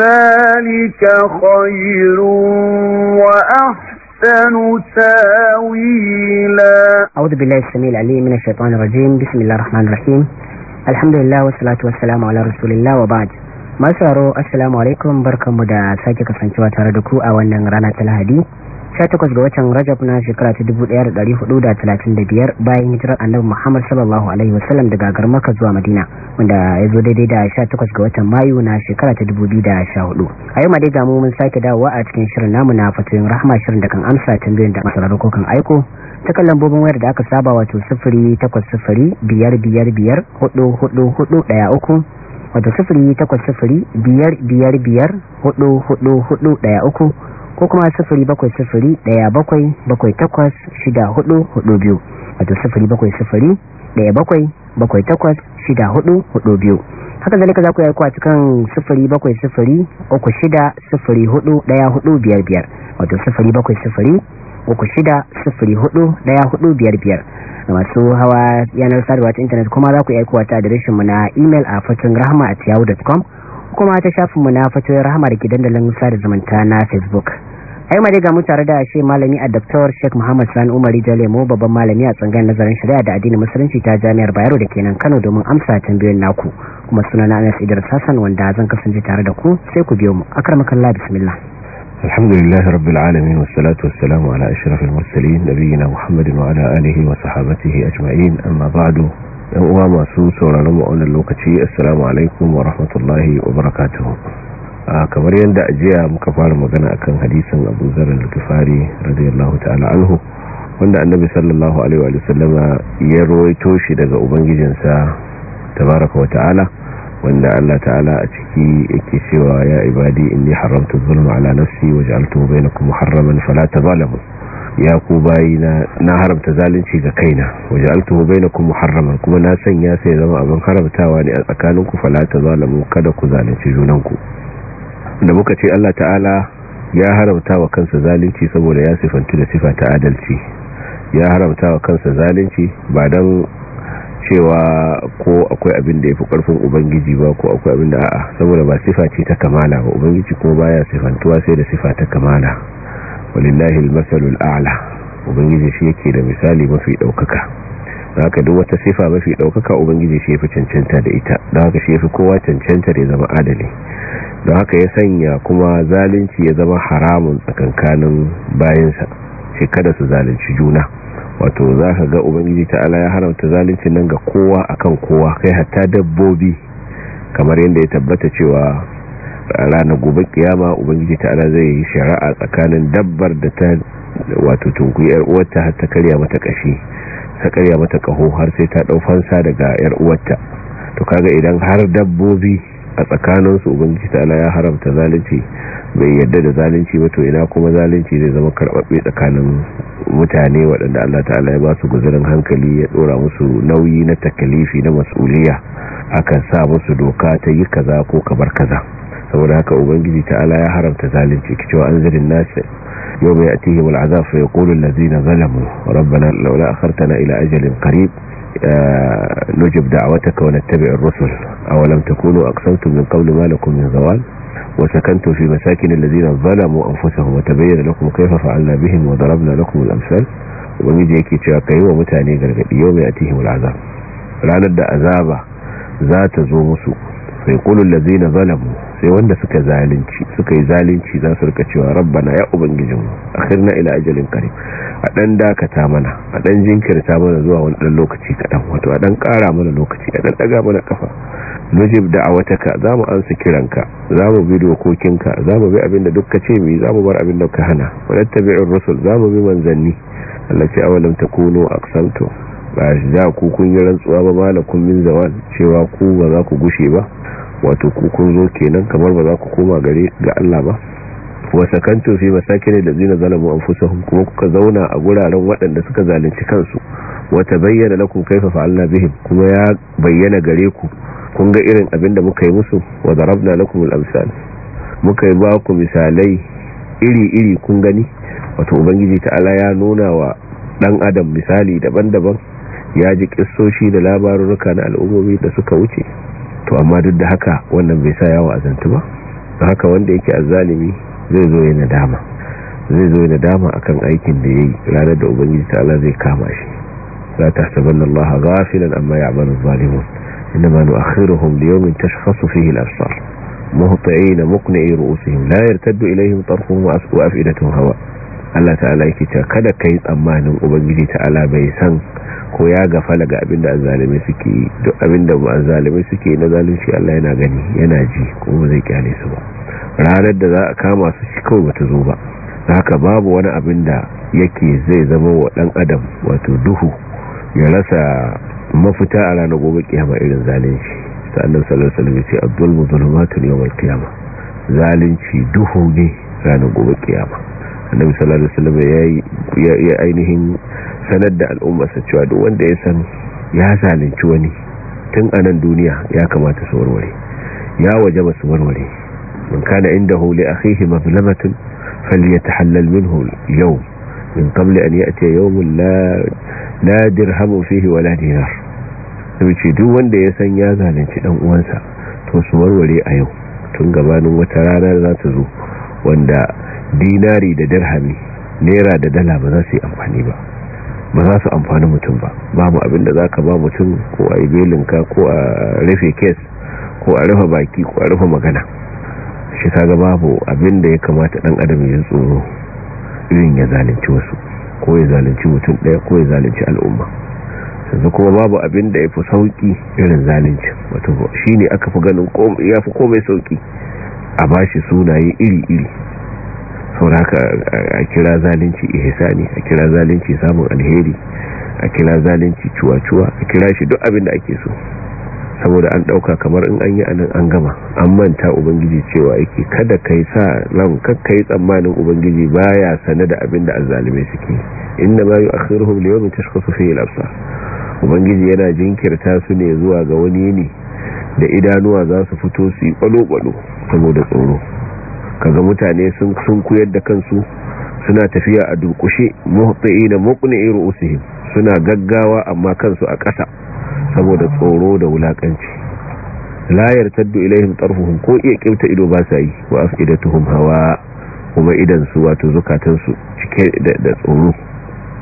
ذلك خير وأحسن تاويلا أعوذ بالله السميع العليم من الشيطان الرجيم بسم الله الرحمن الرحيم الحمد لله والصلاة والسلام على رسول الله وبعد ما assalamu السلام عليكم da sake kasancewa tare da ku a wannan 18 ga watan Rajab na shekara ta 1435 bayan hijirar Annabi Muhammad sallallahu alaihi wasallam daga garin Makka zuwa Madina wanda ya zo daidai da 18 ga watan Mayu na shekara ta 2014 a yau ma dai mu mun sake dawowa a cikin shirin namu na fatoyin rahama shirin da kan amsa tambayoyin da masararru ko kan aiko ta kan lambobin wayar da aka saba wato 0805554441 wato 0805554441 ko kuma sifiri bakwai sifiri ɗaya bakwai bakwai takwas shida hudu hudu biyu wato sifiri bakwai sifiri ɗaya bakwai bakwai takwas shida hudu hudu biyu haka zalika za ku yi kwa cikin sifiri bakwai sifiri uku shida sifiri hudu ɗaya hudu biyar biyar wato sifiri bakwai sifiri uku shida sifiri hudu ɗaya hudu biyar biyar da masu hawa yanar sadarwa ta intanet kuma za ku yi aikowa ta adireshinmu na email a fatin rahama a tiyawu.com kuma ta shafinmu na fatoyin rahama da ke dandalin sada zamanta na facebook ayi mare ga mu tare da ashe malami a doktor sheik muhammad san umari jale mu babban malami a tsangan nazarin shari'a da addinin musulunci ta jami'ar bayero da kenan kano domin amsa tambayoyin naku kuma suna na anas idris sassan wanda zan kasance tare da ku sai ku biyo mu akram kallahi bismillah alhamdulillah rabbil alamin wassalatu wassalamu ala ashrafil mursalin nabiyina muhammadin wa ala alihi wa sahbatihi ajma'in amma ba'du yan uwa masu sauraron mu wannan lokaci assalamu alaikum wa rahmatullahi wa barakatuh kamar yadda ajiya muka fara magana akan hadisin Abu Zar al radiyallahu ta'ala wanda Annabi sallallahu alaihi wa sallama ya rawaito shi daga ubangijinsa tabaraka wa ta'ala wanda Allah ta'ala a ciki yake cewa ya ibadi inni haramtu zulma ala nafsi waj'altuhu bainakum muharraman fala tazalamu ya ku na haramta zalunci ga kaina waj'altuhu bainakum muharraman kuma na sanya sai zama abin haramtawa ne a tsakaninku fala tazalamu kada ku zalunci junanku da muka ce Allah ta'ala ya haramta wa kansa zalunci saboda ya sifantu da sifa ta adalci ya haramta wa kansa zalunci ba don cewa ko akwai abin da ya fi ƙarfin ubangiji ba ko akwai abin da a'a saboda ba sifa ce ta kamala ba ubangiji kuma baya sifantuwa sai da sifa ta kamala walillahi almasalul a'la ubangiji shi yake da misali mafi ɗaukaka da haka duk wata sifa mafi ɗaukaka ubangiji shi ya cancanta da ita da haka shi yafi kowa cancanta da ya zama adali da haka ya sanya kuma zalunci ya zama haramun tsakankanin bayansa shi kada su zalunci juna wato za ka ga ubangiji ta ala ya haramta zalunci nan ga kowa akan kowa kai hatta dabbobi kamar yadda ya tabbata cewa ranar gobe kiyama ubangiji ta ala zai yi shari'a tsakanin dabbar da ta wato tunkuyi yar uwarta har ta karya mata kashi ta karya mata kaho har sai ta dau fansa daga yar uwarta to kaga idan har dabbobi a tsakanin su ubangiji ta'ala ya haramta zalunci bai yadda da zalunci ba to ina kuma zalunci zai zama karbabbe tsakanin mutane waɗanda Allah ta'ala ya ba su guzurin hankali ya dora musu nauyi na takalifi na mas'uliya akan sa musu doka ta yi kaza ko kabar kaza saboda haka ubangiji ta'ala ya haramta zalunci kicewa anzirin nasi yau yawma ya'tihim al'azab fa yaqulu allazina zalamu rabbana laula akhartana ila ajalin qarib nujib da'wataka wa nattabi' ar-rusul aw lam takunu aqsamtum min qawli ma lakum min zawal wa sakantum fi masakin allazina zalamu anfusahum wa tabayyana lakum kayfa fa'alna bihim wa darabna lakum al-amsal ubangiji yake cewa kai wa mutane gargadi yau yawma ya'tihim al'azab ranar da azaba za ta zo musu fa da allazina zalamu sai wanda suka zalinci suka yi zalunci za su rika cewa rabbana ya ubangijinmu hirna ila ajalin qarib a ɗan dakata mana a ɗan jinkirta mana zuwa wani ɗan lokaci kaɗan wato a ɗan kara mana lokaci a ɗan ɗaga mana kafa nujib da'awataka zamu ansa kiranka mu bi dokokinka zamu bi abinda ka ce mu zamu bar abinda ka hana wa tattabi'ur rusul mu bi manzanni allati awalam takunu aqsamtu ba za ku kun yi rantsuwa ba malakun min zawal cewa ku ba za ku gushe ba wato ku kun zo kenan kamar ba za ku koma gare ga Allah ba wa sakantu fi da zina zalamu anfusahum kuma kuka zauna a guraren waɗanda suka zalunci kansu wa bayyana lakum kayfa fa'alna bihim kuma ya bayyana gare ku kun ga irin abin da muka yi musu wa darabna lakum al-amsal muka yi ba ku misalai iri-iri kun gani wato ubangiji ta ta'ala ya nuna wa dan adam misali daban-daban ya ji kissoshi da labarurruka na al'ummomi da suka wuce to amma duk da haka wannan bai sa yawo azantu ba da haka wanda yake zalimi zai zo yana dama zai zo yana dama akan aikin da ya yi ranar da ubangiji ala zai kama shi la tahsabanna allaha ghafilan amma ya'malu adh-dhalimun inma nu'akhiruhum li yawmin tashkhasu fihi al-absar muhti'ina muqni'i ru'usihim la yartaddu ilayhim tarfuhum wa af'idatuhum hawa' Allah ta'ala yake cewa kada kai tsammanin ubangiji ta'ala bai san ko ya gafala ga abin da azzalimi suke yi duk abin da azzalimi suke na zalunci Allah yana gani yana ji kuma zai kyale su ba ranar da za a kama su shi kawai bata zo ba haka babu wani abin da yake zai zama wa dan adam wato duhu ya rasa mafita a ranar gobe kiyama irin zalunci sannan sallallahu alaihi wasallam ya ce abdul muzulumatun yawmal qiyama zalunci duhu ne ranar gobe kiyama annabi sallallahu alaihi wasallam ya ya ainihin sanar da al'umma sa cewa duk wanda ya san ya zalunci wani tun a nan duniya ya kamata su warware ya wajaba su warware man kana indahu li akhihi mazlamatun falyatahallal minhu al-yawm min qabli an ya'ti yawmun la la dirhamu fihi wala dinar sai duk wanda ya san ya zalunci dan uwansa to su warware a yau tun gabanin wata rana za ta zo wanda dinari da dirhami naira da dala ba za su yi amfani ba ba za su amfani mutum ba babu abin da za ka ba mutum ko a yi belinka ko a rufe kes ko a rufe baki ko a rufe magana shi kaga babu abin da ya kamata dan adam ya tsoro irin ya zalunci wasu ko ya zalunci mutum daya ko ya zalunci al'umma yanzu kuma babu abin da ya fi sauki irin zalunci wato shi ne aka fi ganin ya fi komai sauki a ba shi sunaye iri-iri sauraka a kira zalunci ne a kira zalunci samun alheri a kira zalunci cuwa-cuwa a kira shi duk abin da ake so saboda an dauka kamar in an yi anan an gama an manta ubangiji cewa yake kada kai sa ran yi tsammanin ubangiji baya sane da abin da azzalime suke inna ma akhiruhum li yawmin tashkhasu fihi al-absar ubangiji yana jinkirta su ne zuwa ga wani ne da idanuwa za su fito su yi kwalo-kwalo saboda tsoro kaga mutane sun sun kuyar da kansu suna tafiya a durkushe muhtiina muqni'i ru'usihim suna gaggawa amma kansu a ƙasa saboda tsoro da wulakanci la yartaddu ilaihim tarfuhum ko iya kibta ido ba sa yi wa afidatuhum hawa kuma idan su wato zukatansu cike da tsoro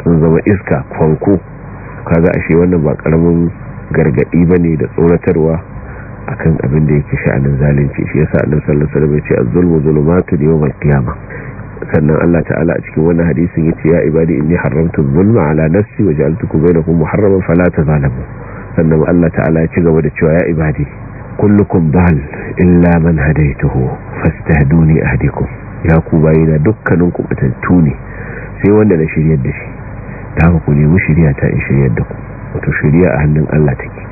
sun zama iska kwanko kaga ashe wannan ba karamin gargadi bane da tsoratarwa akan abin da yake sha'anin zalunci shi yasa annabi sallallahu alaihi wasallam ya ce az-zulmu zulumatu yawm al-qiyamah sannan Allah ta'ala a cikin wannan hadisin yace ya ibadi inni haramtu zulma ala nafsi wa ja'altukum bainakum muharraman fala tazalimu sannan Allah ta'ala ya ci gaba da cewa ya ibadi kullukum dal illa man hadaytuhu fastahduni ahdikum ya ku bayina dukkanin ku batattu ne sai wanda na shiryar da shi ta ku nemi shiriya ta in shiryar da ku wato shiriya a hannun Allah take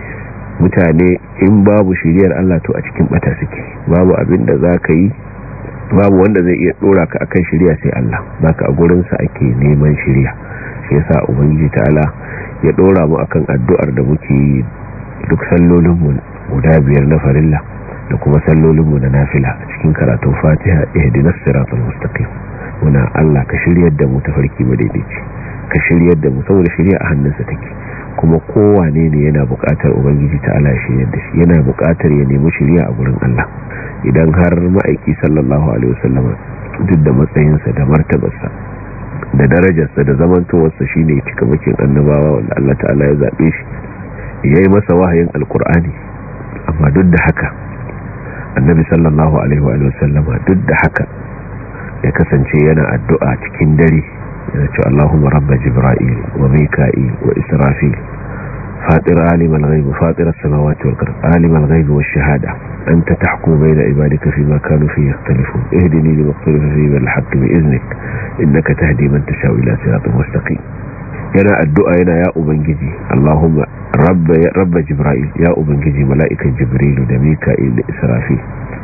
mutane in babu shiriyar Allah to a cikin bata suke babu abin da za ka yi babu wanda zai iya dora ka akan shiriya sai Allah baka a gurinsa ake neman shiriya shi yasa ubangiji ta'ala ya dora mu akan addu'ar da muke yi duk sallolin mu guda biyar na farilla da kuma sallolin mu na nafila cikin karatun Fatiha ihdinas siratal mustaqim muna Allah ka shiryar da mu tafarki madaidaici ka shiryar da mu saboda shiriya a hannunsa take kuma kowane ne yana bukatar ubangiji ta ala shi yadda shi yana bukatar ya nemi shirya a gurin Allah idan har ma'aiki sallallahu alaihi wasallam duk da matsayinsa da martabarsa da darajarsa da zamantowarsa shine makin annabawa wanda Allah ta'ala ya zaɓe shi yayi masa wahayin alkur'ani amma duk da haka annabi sallallahu alaihi wa duk da haka ya kasance yana addu'a cikin dare يقول اللهم رب جبرائيل وميكائيل وإسرافيل فاطر عالم الغيب فاطر السماوات والأرض عالم الغيب والشهادة أنت تحكم بين عبادك فيما كانوا فيه يختلفون اهدني لما اختلف فيه من الحق بإذنك إنك تهدي من تشاء إلى صراط مستقيم هنا الدعاء هنا يا أبنجدي اللهم رب, يا رب جبرائيل يا أبنجدي ملائكة جبريل وميكائيل إسرافيل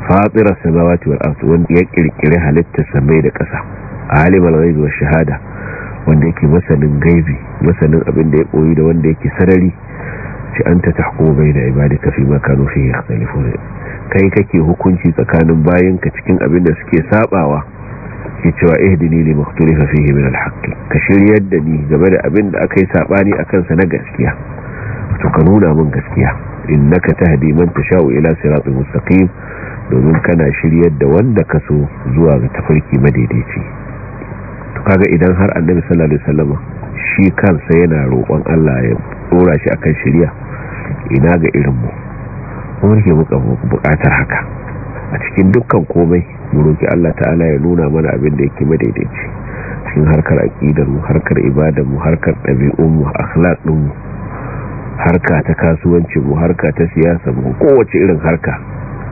فاطر السماوات والأرض وانت يكري كريها للتسمي لكسا alimul ghaibi shahada wanda yake masanin gaibi masanin abin da ya koyi da wanda yake sarari ci an ta tahkumu baina ibadi kafin ma kanu fihi yakhtalifun kai kake hukunci tsakanin ka cikin abin da suke sabawa ke cewa ihdini li makhtalifa fihi min al ka shiryar da ni game da abin da akai sabani akan sa na gaskiya to ka nuna min gaskiya innaka tahdi man tashau ila siratin mustaqim domin kana shiryar da wanda ka so zuwa ga tafarki madaidaici to kaga idan har annabi sallallahu alaihi wasallama shi kansa yana roƙon Allah ya dora shi akan shari'a ina ga irin mu mun ke buƙatar haka a cikin dukkan komai mu roki Allah ta'ala ya nuna mana abin da yake madaidaici cikin harkar aqidar mu harkar ibadar mu harkar ɗabi'unmu mu akhlaq mu harka ta kasuwancin mu harka ta siyasa mu kowace irin harka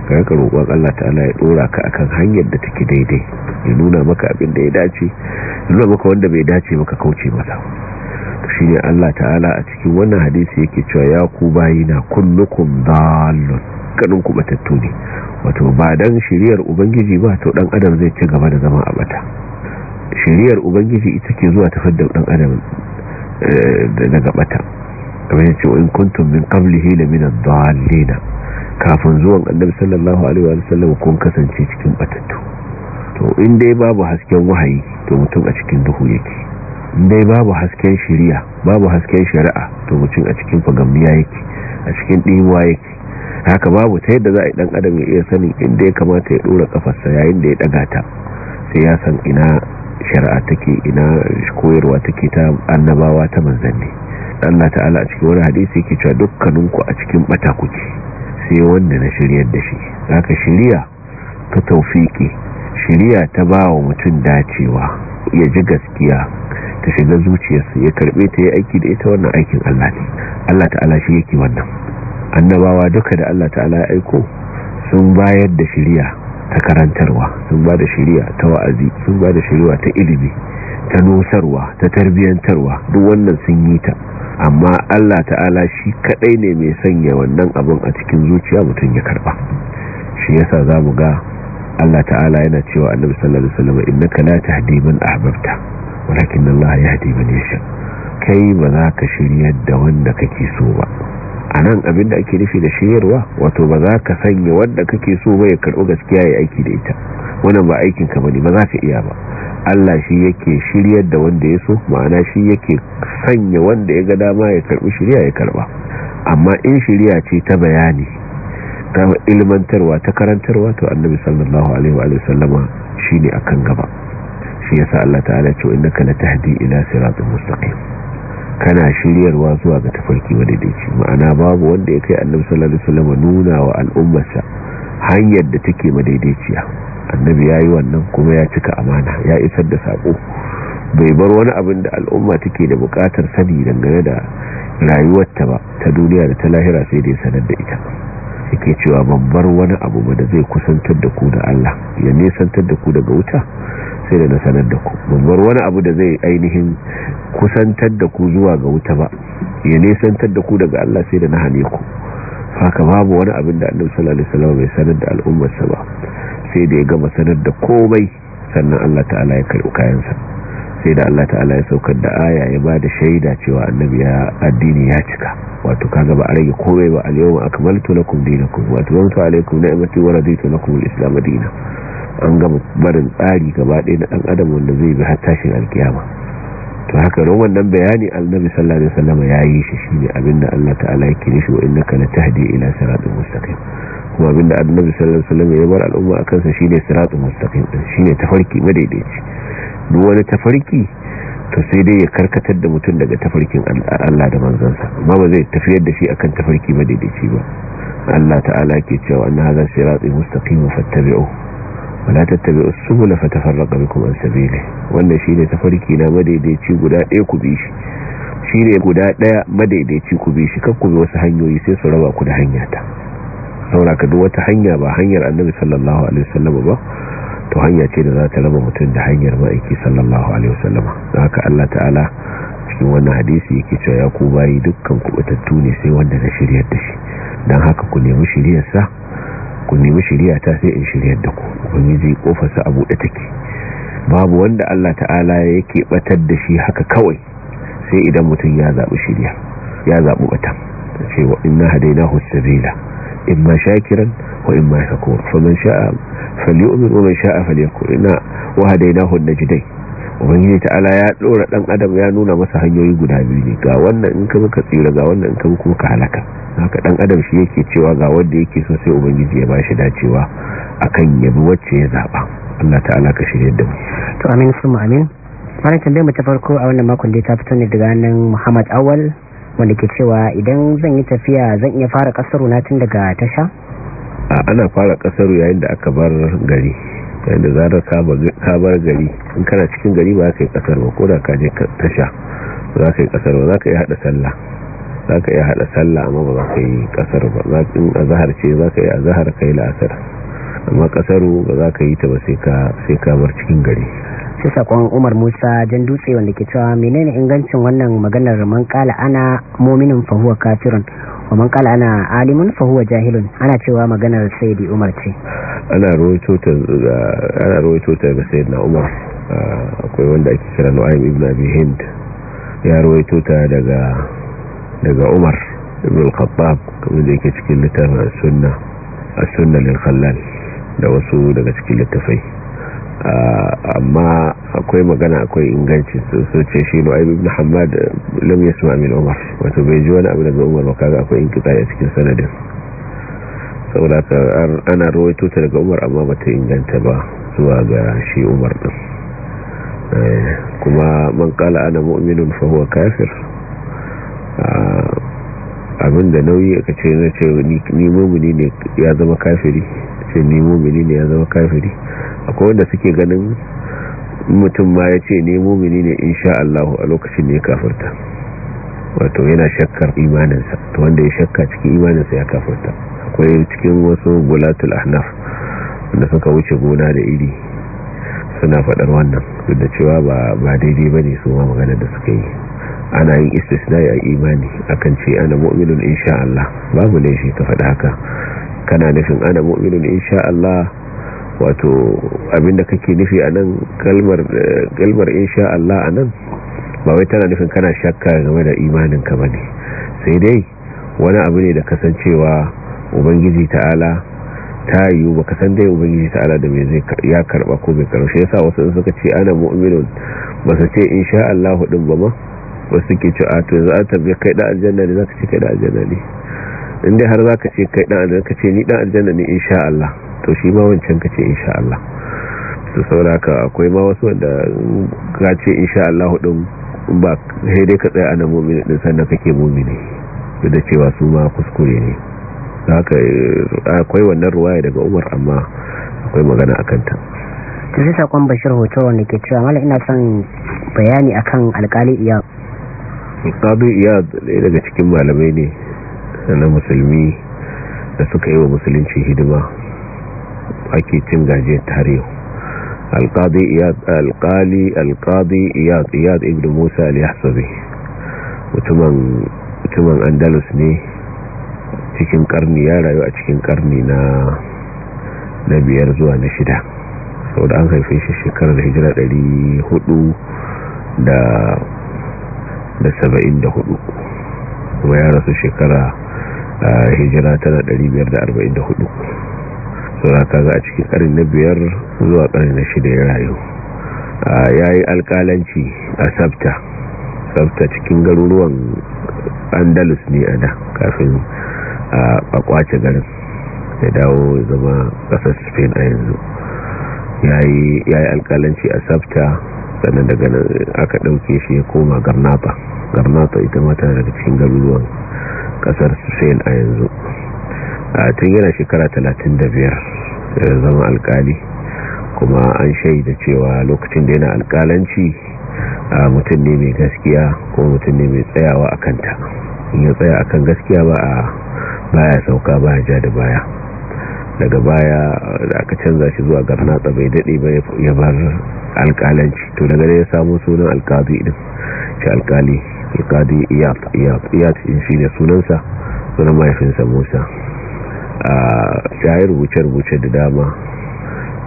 ka roƙon Allah ta'ala ya dora ka akan hanyar da take daidai ya nuna maka abin da ya dace ya nuna maka wanda bai dace maka kauce masa shi ne Allah ta'ala a cikin wannan hadisi yake cewa ya ku bayina kullukum dallun kanin ku batattu ne wato ba dan shiriyar ubangiji ba to dan adam zai ci gaba da zama a bata shiriyar ubangiji ita ke zuwa ta fadda dan adam eh, daga bata kamar yace in kuntum min qablihi la min ad-dallina kafin zuwan annabi sallallahu alaihi wa sallam kun kasance cikin batattu to in dai babu hasken wahayi to mutum a cikin duhu yake in dai babu hasken shari'a babu hasken shari'a to mutum a cikin fagamniya yake a cikin dimuwa yake haka babu ta yadda za a yi dan adam ya iya sanin inda ya kamata ya dora kafarsa yayin da ya daga ta sai ya san ina shari'a take ina koyarwa take ta annabawa ta manzanni Allah ta'ala a cikin wani hadisi yake cewa dukkaninku a cikin bata kuke sai wanda na shiryar da shi za ka shirya ta taufiki shirya ta ba wa mutum dacewa ya ji gaskiya ta shiga zuciyarsa ya karbe ta yi aiki da ita wannan aikin Allah ne Allah ta'ala shi yake wannan annabawa duka da Allah ta'ala ya aiko sun bayar da shirya ta karantarwa sun ba da shiriya ta wa'azi sun ba da shiriya ta ilimi ta nusarwa ta tarbiyyantarwa duk wannan sun yi ta amma Allah ta'ala shi kadai ne mai sanya wannan abun a cikin zuciya mutum ya karba shi yasa zamu ga Allah ta'ala yana cewa Annabi sallallahu alaihi wasallam innaka la tahdi man ahbabta walakin Allah yahdi man yasha kai ba za ka shiryar da wanda kake so ba anan abinda ake nufi da shiryarwa wato ba za ka sanya wanda kake so ba ya karbi gaskiya ya aiki da ita wannan ba aikin ka bane ba za ka iya ba Allah shi yake shiryar da wanda ya so ma'ana shi yake sanya wanda ya ga dama ya karbi shirya ya karba amma in shirya ce ta bayani ta ilmantarwa ta karantarwa to annabi sallallahu alaihi wa sallama shine akan gaba shi yasa Allah ta'ala ce innaka latahdi ila siratin mustaqim kana shiryarwa zuwa ga tafarki wadda ma'ana babu wanda ya kai annabi sallallahu alaihi wa sallama nuna wa al'ummarsa hanyar da take madaidaiciya annabi ya yi wannan kuma ya cika amana ya isar da saƙo bai bar wani abin da al'umma take da buƙatar sani dangane da rayuwarta ba ta duniya da ta lahira sai dai sanar da ita yake cewa ban bar wani abu ba da zai kusantar da ku da Allah ya nesantar da ku daga wuta sai da na sanar da ku ban bar wani abu da zai ainihin kusantar da ku zuwa ga wuta ba ya nesantar da ku daga Allah sai da na hane ku haka babu wani abin da annabi sallallahu alaihi wasallam bai sanar da al'ummar sa ba sai da ya gama sanar da komai sannan Allah ta'ala ya karɓi kayansa sai da Allah ta'ala ya saukar da aya ya ba da shaida cewa annabi ya addini ya cika wato kaga ba a rage komai ba al yawm akmaltu lakum dinakum wa atmamtu alaykum ni'mati wa raditu lakum al-islam dinan an gama barin tsari gaba ɗaya na ɗan adam wanda zai bi har tashin alkiyama to haka nan wannan bayani annabi sallallahu alaihi wasallam ya yi shi shine abinda Allah ta'ala ya kire shi wa innaka latahdi ila siratal mustaqim kuma abinda annabi sallallahu alaihi wasallam ya bar al'umma akan sa shine siratal mustaqim shine tafarki madaidaici duk wani tafarki to sai dai ya karkatar da mutum daga tafarkin Allah da manzansa amma ba zai tafiyar da shi akan tafarki madaidaici ba Allah ta'ala ke cewa anna hadha siratal mustaqim fattabi'uhu wala tattabi usbula fatafarraqa bikum an sabili wannan shine tafarki na madaidaici guda ɗaya ku bi shi shine guda ɗaya madaidaici ku bi shi kakku bi wasu hanyoyi sai su raba ku da hanya ta saboda ka duk wata hanya ba hanyar annabi sallallahu alaihi wasallam ba to hanya ce da za ta raba mutum da hanyar ma'aiki sallallahu alaihi wasallam don haka Allah ta'ala cikin wannan hadisi yake cewa ya ku bayi dukkan kubatattu ne sai wanda na shiryar da shi don haka ku nemi shiryarsa ku nemi shirya ta sai in shiryar da ku ubangiji kofarsa a buɗe take babu wanda Allah ta'ala yake batar da shi haka kawai sai idan mutum ya zaɓi shirya ya zaɓi bata ta ce wa inna hadaina husabila imma shakiran wa imma shakur faman sha'a falyu'min wa man sha'a falyakfur inna wa na hadaina hudnajdai ubangiji ta'ala ya dora ɗan adam ya nuna masa hanyoyi guda biyu ne ga wannan in ka muka tsira ga wannan in ka muka ka halaka haka dan adam shi yake cewa ga wanda yake so sai ubangiji ya ba shi dacewa akan yabi wacce ya zaɓa Allah ta'ala ka shirye da mu to amin ma amin wannan tambayar mu ta farko a wannan makon da ta fito ne daga nan Muhammad Awal wanda ke cewa idan zan yi tafiya zan iya fara kasaru na tun daga tasha a ana fara kasaru yayin da aka bar gari da zarar ka bar gari in kana cikin gari ba ka yi kasar ba ko da ka je tasha za ka yi kasar ba za ka yi hada sallah za ka yi hada sallah amma ba za ka yi kasar ba za ka yi zahar ce za ka yi a zahar ka yi la'asar amma kasaru ba za ka yi ta ba sai ka bar cikin gari sai sakon umar musa jan dutse wanda ke cewa menene ingancin wannan maganar man kala ana mominin fahuwa kafirun wa man kala ana alimun fahuwa jahilun ana cewa maganar sayyidi umar ce ana rawaito ta ga sayyid na umar akwai wanda ake kira nu'aym ibn abi hind ya rawaito ta daga umar ibn al-khattab kamar da yake cikin littafin sunna as-sunna lil khallal da wasu daga cikin littafai amma akwai magana akwai inganci so ce shi nu'aym ibn hamad lam yasma min umar wato bai ji wani abu daga umar ba kaga akwai inkita a cikin sanadin saboda ana rawaito ta daga umar amma bata inganta ba zuwa ga shi umar din eh, kuma man kala ana mu'minun fa kafir ah, abinda nauyi aka ce na ce ni mumini ne ya zama kafiri ce ni mumini ne ya zama kafiri akwai wanda suke ganin mutum ma ya ce ni mumini ne insha Allah a lokacin ne ya kafirta wato yana shakkar imaninsa to wanda ya shakka cikin imaninsa ya kafirta akwai cikin wasu bulatul ahnaf da suka wuce gona da iri suna faɗar wannan da cewa ba ba daidai ba ne su ma magana da suka yi ana yin istisna a imani akan ce ana mu'minun insha Allah babu ne shi ka faɗa haka kana nufin ana mu'minun insha Allah wato abinda kake nufi a nan kalmar kalmar insha Allah a nan ba wai tana nufin kana shakka game da imanin ka bane sai dai wani abu ne da kasancewa ubangiji ta'ala ta yiwu baka san dai ubangiji ta'ala da me zai ya karba ko bai karba shi yasa wasu suka ce ana mu'minun ba su ce insha Allah din ba ma ba su ke cewa to za ta bi kai da aljanna ne ka ce kai da aljanna ne in dai har ka ce kai dan aljanna ce ni dan aljanna ne insha Allah to shi ma wancan ce insha Allah to sauraka akwai ma wasu wanda ka ce insha Allah din ba sai dai ka tsaya ana mu'mini din sannan kake mu'mini da cewa su ma kuskure ne Eh, akwai wannan ruwaya daga umar amma akwai magana a kanta ta sakon bashir hoto wanda ke cewa mala ina son bayani akan alkali iyad alkali iyad ɗaya daga cikin malamai ne na musulmi da suka yi wa musulunci hidima ake cin gaje tarihi alkali iyad alkali alkali iyad iyad ibn musa al-yahsabi mutumin andalus ne cikin karni ya rayu a cikin karni na na biyar zuwa na shida sau da an haife shi shekarar hijira ɗari hudu da da saba'in da hudu kuma ya rasu shekara hijira tana ɗari biyar da arba'in da hudu sau da za a cikin karni na biyar zuwa karni na shida ya rayu ya yi alkalanci a sabta sabta cikin garuruwan andalus ne a da kafin a kwace garin ya dawo zama kasar spain a yanzu ya yi alkalanci a sabta sannan daga aka ɗauke shi ya koma garnapa garnapa ita mata daga cikin garuruwan kasar spain a yanzu a tun yana shekara 35 da zama alkali kuma an shaida cewa lokacin da yana alkalanci a mutum ne mai gaskiya ko mutum ne mai tsayawa a kanta in ya tsaya akan gaskiya ba a baya sauka baya ja da baya daga baya da aka canza shi zuwa garnatsa bai daɗe ba ya bar alƙalanci to daga ya samu sunan alƙadi din shi alƙali ya iyat in shi ne sunansa sunan mahaifinsa musa a shayi rubuce-rubuce da dama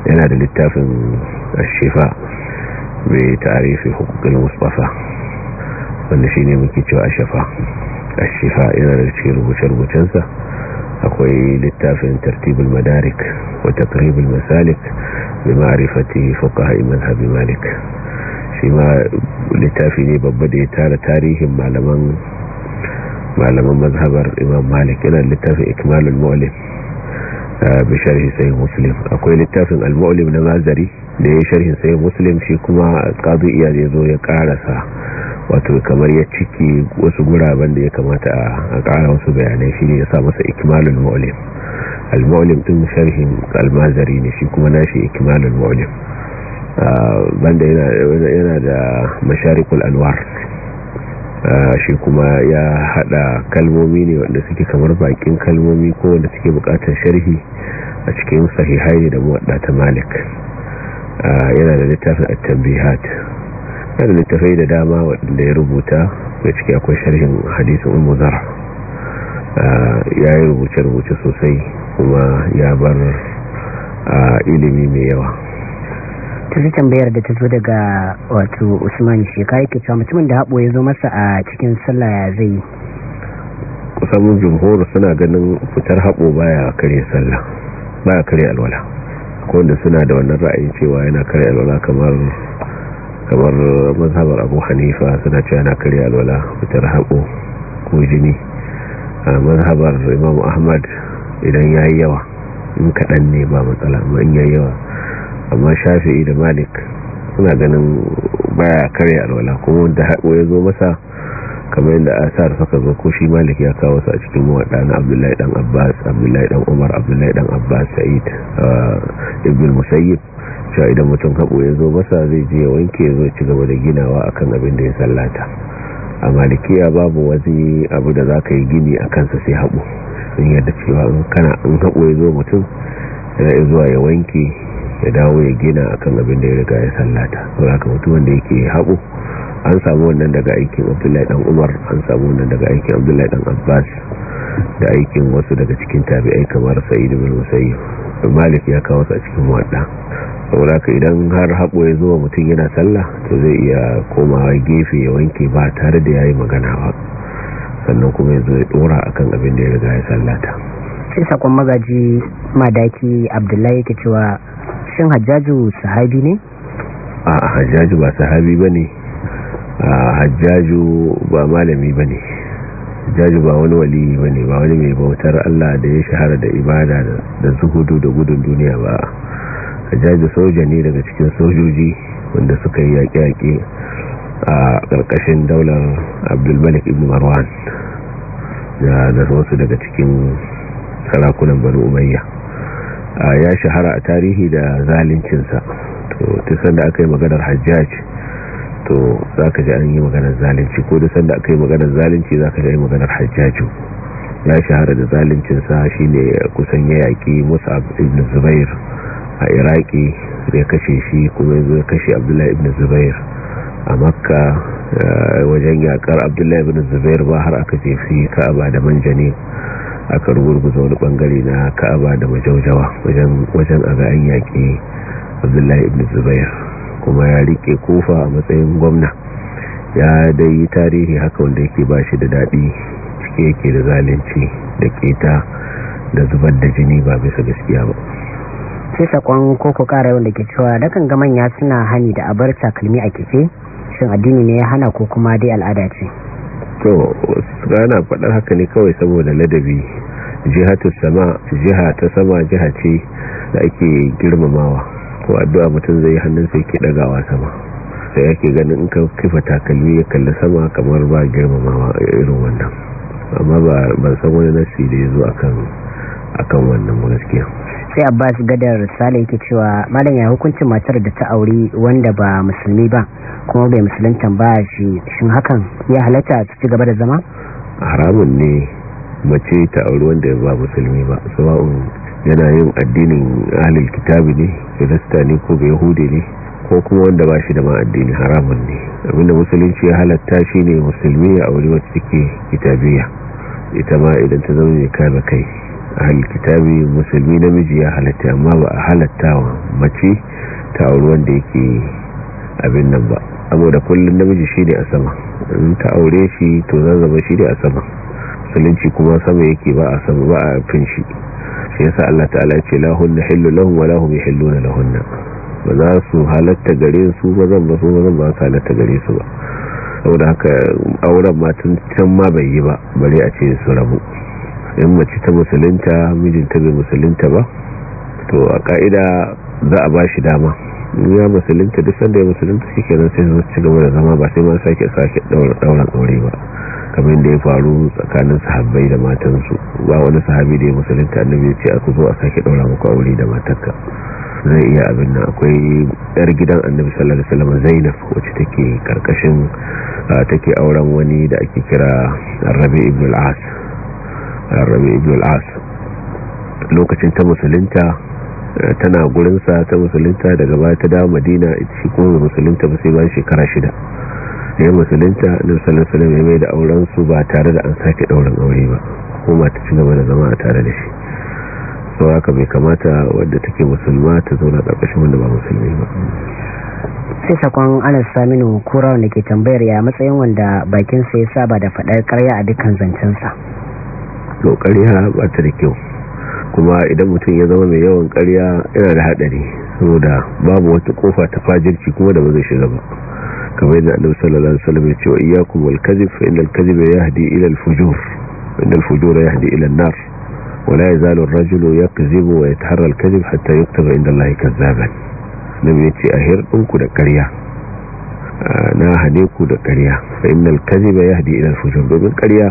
yana da littafin shefa mai tarihi hukukin mustafa wanda shi ne muke cewa shafa a shifa yana da cikin rubuce-rubucensa akwai littafin tartibul madarik wa taqribul masalik bi ma'rifati fuqaha mazhabi malik shi ma littafi ne babba da ya tara tarihin malaman malaman mazhabar imam malik yana littafin ikmalul mu'allim bi sharhi sahih muslim akwai littafin al na mazari da ya sharhin sahih muslim shi kuma qadi iya ya zo ya karasa wato kamar ya cike wasu guraben da ya kamata a ƙara wasu bayanai shi ne ya sa masa ikimalin ma'ulim al-ma'ulim tun sharhin almazari ne shi kuma nashi ikimalin ma'ulim banda yana da masharikul alwar shi kuma ya hada kalmomi ne wanda suke kamar bakin kalmomi ko wanda suke bukatar sharhi a cikin sahihai da muwadda ta malik yana da littafin attabihat yana littafai da dama waɗanda ya rubuta da ciki akwai sharhin hadisun umu zara ah, ya yi rubuce-rubuce sosai kuma ya bar ah, ilimi mai yawa tuzi tambayar da ta zo daga wato usman shekaru yake cewa mutumin da haɓo ya zo masa a cikin sallah ya zai kusan jumhur suna ganin fitar haɓo baya kare baya kare alwala akwai suna da wannan ra'ayin cewa yana kare alwala kamar kamar mazhabar abu hanifa suna ce ana karya alwala fitar haƙo ko jini a mazhabar imam ahmad idan ya yi yawa in kaɗan ne ba matsala amma in ya yi yawa amma shafi'i da malik suna ganin baya karya alwala kuma wanda haƙo ya zo masa kamar yadda a sa saka zo ko shi malik ya kawo su a cikin mawaɗa na abdullahi dan abbas abdullahi dan umar abdullahi dan abbas sa'id ibn musayyib cewa idan mutum kaɓo ya zo masa zai je wanke ya zo ci gaba da ginawa akan abin da ya sallata a malikiya babu wani abu da za ka yi gini a kansa sai haɓo sun yadda cewa in kana in kaɓo ya zo mutum yana zuwa ya wanke ya dawo ya gina akan abin da ya riga ya sallata za haka mutum wanda yake haɓo an samu wannan daga aikin abdullahi dan umar an samu wannan daga aikin abdullahi dan abbas da aikin wasu daga cikin tabi'ai kamar sa'id ibn musayyib malik ya kawo su a cikin wadda saboda ka idan har haɓo ya zuwa mutum yana sallah to zai iya komawa gefe ya wanke ba tare da ya yi magana ba sannan kuma ya zo ya ɗora akan abin da ya riga ya sallata sai sakon magaji madaki abdullahi yake cewa shin hajjaju sahabi ne a hajjaju ba sahabi ba ne a hajjaju ba malami ba ne hajjaju ba wani wali ba ne ba wani mai bautar allah da ya shahara da ibada da zuhudu da gudun duniya ba jaji soja ne daga cikin sojoji wanda suka yi yaƙe-yaƙe a ƙarƙashin daular abdulmalik ibn marwan da wasu daga cikin sarakunan banu umayya ya shahara a tarihi da zalincinsa to ta sanda aka yi maganar hajjaji to za ka ji an yi maganar zalunci ko da sanda aka yi maganar zalunci za ka ji an yi maganar hajjaju ya shahara da zaluncinsa shi ne kusan ya yaƙi musab ibn zubair a iraki ya kashe shi kuma yanzu ya kashe abdullahi ibn zubair a makka eh, wajen yakar abdullahi ibn zubair ba har aka jefi ka'aba da manjani aka rugurguza wani bangare na ka'aba da majaujawa wajen a ga an yaƙi abdullahi ibn zubair kuma ya rike kofa a matsayin gwamna ya dai yi tarihi haka wanda yake ba shi da daɗi cike yake da zalunci da keta da zubar da jini ba bisa gaskiya ba sai sakon koko kara da ke cewa dakan ga manya suna hani da abar takalmi a kife shin addini ne ya hana ko kuma dai al'ada ce to yana faɗar haka ne kawai saboda ladabi jihatar sama jiha ta sama jiha ce da ake girmamawa ko addu'a mutum zai hannun sai ke dagawa sama sai yake ganin in ka kifa takalmi ya kalli sama kamar ba girmamawa irin wannan amma ba ban san wani nasi da ya zo akan akan wannan gaskiya sai abbas gadar sale yake cewa malam ya hukuncin matar da ta auri wanda ba musulmi ba kuma bai musulunta ba shi shin hakan ya halatta su ci gaba da zama haramun ne mace ta auri wanda ba musulmi ba sawa'un yana yin addinin ahlul kitabi ne kirista ne ko yahudi ne ko kuma wanda ba shi da ma addini haramun ne abinda musulunci ya halatta shine musulmi ya aure wacce take kitabiya ita ma idan ta zama mai kai ahalil kitabi musulmi namiji ya halatta amma ba a halatta wa mace ta auri wanda yake abin nan ba abu da kullum namiji shi ne a sama in ta aure shi to zan zama shi ne a sama musulunci kuma sama yake ba a sama ba a fin shi shi yasa Allah ta'ala ce na hillu lahun wa na lahun lahunna ba za su halatta gare su ba zan ba su ba zan ba su halatta gare su ba saboda haka auren matan can ma bai yi ba bare a ce su rabu in mace ta musulunta mijinta bai musulunta ba to a ka'ida za a ba shi dama ya musulunta duk sanda ya musulunta shi nan sai su ci gaba da zama ba sai ma sake sake dauran aure ba kamar da ya faru tsakanin sahabbai da matansu ba wani sahabi da ya musulunta annabi ya ce a zo a sake daura muku aure da matarka zai iya abin nan akwai yar gidan annabi sallallahu alaihi wasallam Zainab wacce take karkashin ah, take auren wani da ake kira Rabi ibn al-As rabi ibn al-as lokacin ta musulunta eh, tana gurinsa ta musulunta daga baya ta dawo madina shi kuma musulunta ba sai bayan shekara shida da ya musulunta na sallallahu ya mai da auren su ba tare da an sake daurin aure ba kuma ta ci gaba da zama tare da shi so haka bai kamata wadda take musulma ta zauna ƙarƙashin wanda ba musulmi ba sai sakon anas saminu kura wanda ke tambayar ya matsayin wanda bakinsa ya saba da faɗar karya a dukkan zancensa to ƙarya ba ta da kyau kuma idan mutum ya zama mai yawan ƙarya yana da haɗari saboda babu wata kofa ta fajirci kuma da ba shiga ba kamar yadda annabi sallallahu alaihi wasallam ya ce wa iyyakum wal kadhib fa innal kadhiba yahdi ila al fujur innal fujura yahdi ila an nar wa la yazalu ar-rajulu yakdhibu wa yataharra al kadhib hatta yuktaba inda Allah kadhaban nabi ya ce a hirdinku da ƙarya na hade ku da ƙarya fa innal kadhiba yahdi ila al fujur domin ƙarya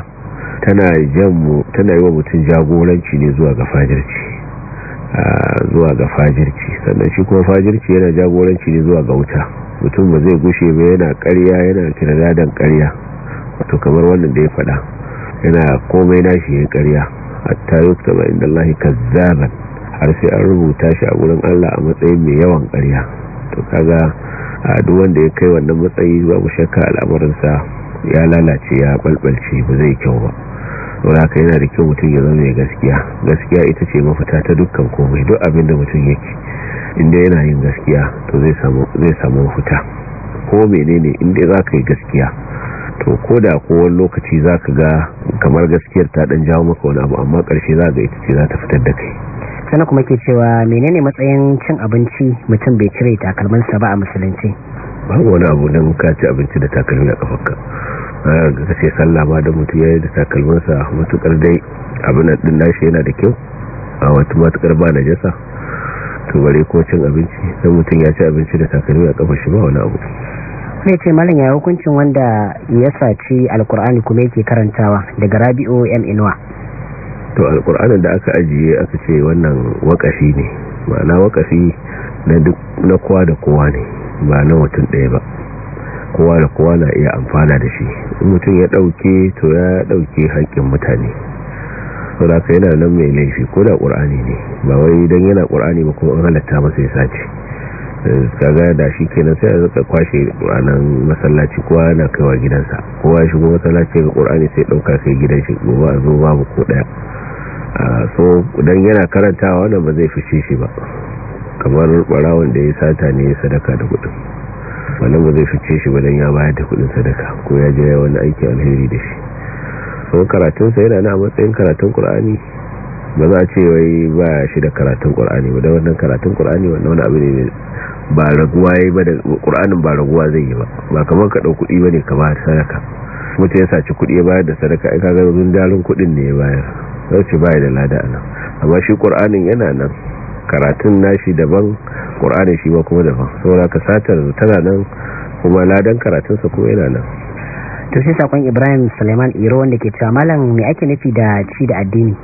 tana janmu yi wa mutum jagoranci ne zuwa ga fajirci ah, zuwa ga fajirci sannan shi kuma fajirci yana jagoranci ne zuwa ga wuta mutum ba zai gushe ba yana karya yana kiradadan karya wato kamar wannan da ya faɗa yana komai nashi ya karya hatta yukta ba inda Allah kazzaban har sai an rubuta shi a wurin Allah a matsayin mai yawan karya to kaga a ah, duk wanda ya kai wannan matsayi mu shakka al'amuransa ya lalace ya balbalce ba zai kyau ba saboda haka yana da kyau mutum ya zama mai gaskiya gaskiya ita ce mafita ta dukkan komai duk abin da mutum yake inda yana yin gaskiya to zai samu mafita ko menene inda ka yi gaskiya to ko da kowane lokaci za ka ga kamar gaskiyar ta dan jawo maka wani abu amma karshe za ga ita ce za ta fitar da kai sana kuma ke cewa menene matsayin cin abinci mutum bai cire takalminsa ba a musulunci babu wani abu don ka ci abinci da takalmi a kafarka ga kace sallah ba da mutu yayin da takalminsa matukar dai abin din nashi yana da kyau a wata matukar ba na najasa to bare ko cin abinci dan mutun ya ci abinci da takalmi a kafa shi ba wani abu sai ce malam ya hukuncin wanda ya saci alkur'ani kuma yake karantawa daga Rabi'u M Inwa to alkur'anin da aka ajiye aka ce wannan wakafi ne ma'ana wakafi na duk na kowa da kowa ne ba na mutum ɗaya ba kowa da kowa na iya amfana da shi in mutum ya dauke to ya dauke haƙƙin mutane da ka yana nan mai laifi ko da ƙur'ani ne ba wai dan yana ƙur'ani ba kuma an halatta masa ya sace eh, kaga da shi kenan sai a zaka kwashe qur'anan masallaci kowa na kaiwa gidansa kowa ya shigo masallaci ga ƙur'ani sai ɗauka sai gidan shi ba a zo babu ko daya so dan yana karantawa wannan ba zai fi shi ba kamar barawon da ya sata ne sadaka da gudun wannan ba zai fice shi ba dan ya bayar da kudin sadaka ko ya je wani aiki alheri da shi so karatunsa yana na matsayin karatun qur'ani ba za a ce wai ba shi da karatun qur'ani ba da wannan karatun qur'ani wannan wani abu ne ba raguwa yayi ba da qur'anin ba raguwa zai yi ba ba kamar ka kuɗi kudi bane ka ba sadaka mutum ya saci kuɗi ya bayar da sadaka ai kaga zun dalin kudin ne ya bayar sai ba ya da lada a nan amma shi qur'anin yana nan karatun nashi daban Ƙur'ani shi ma kuma daban saboda ka satar tana nan kuma ladan karatun su kuma yana nan to sai sakon Ibrahim Suleiman Iro wanda ke cewa malam me ake nufi da ci da addini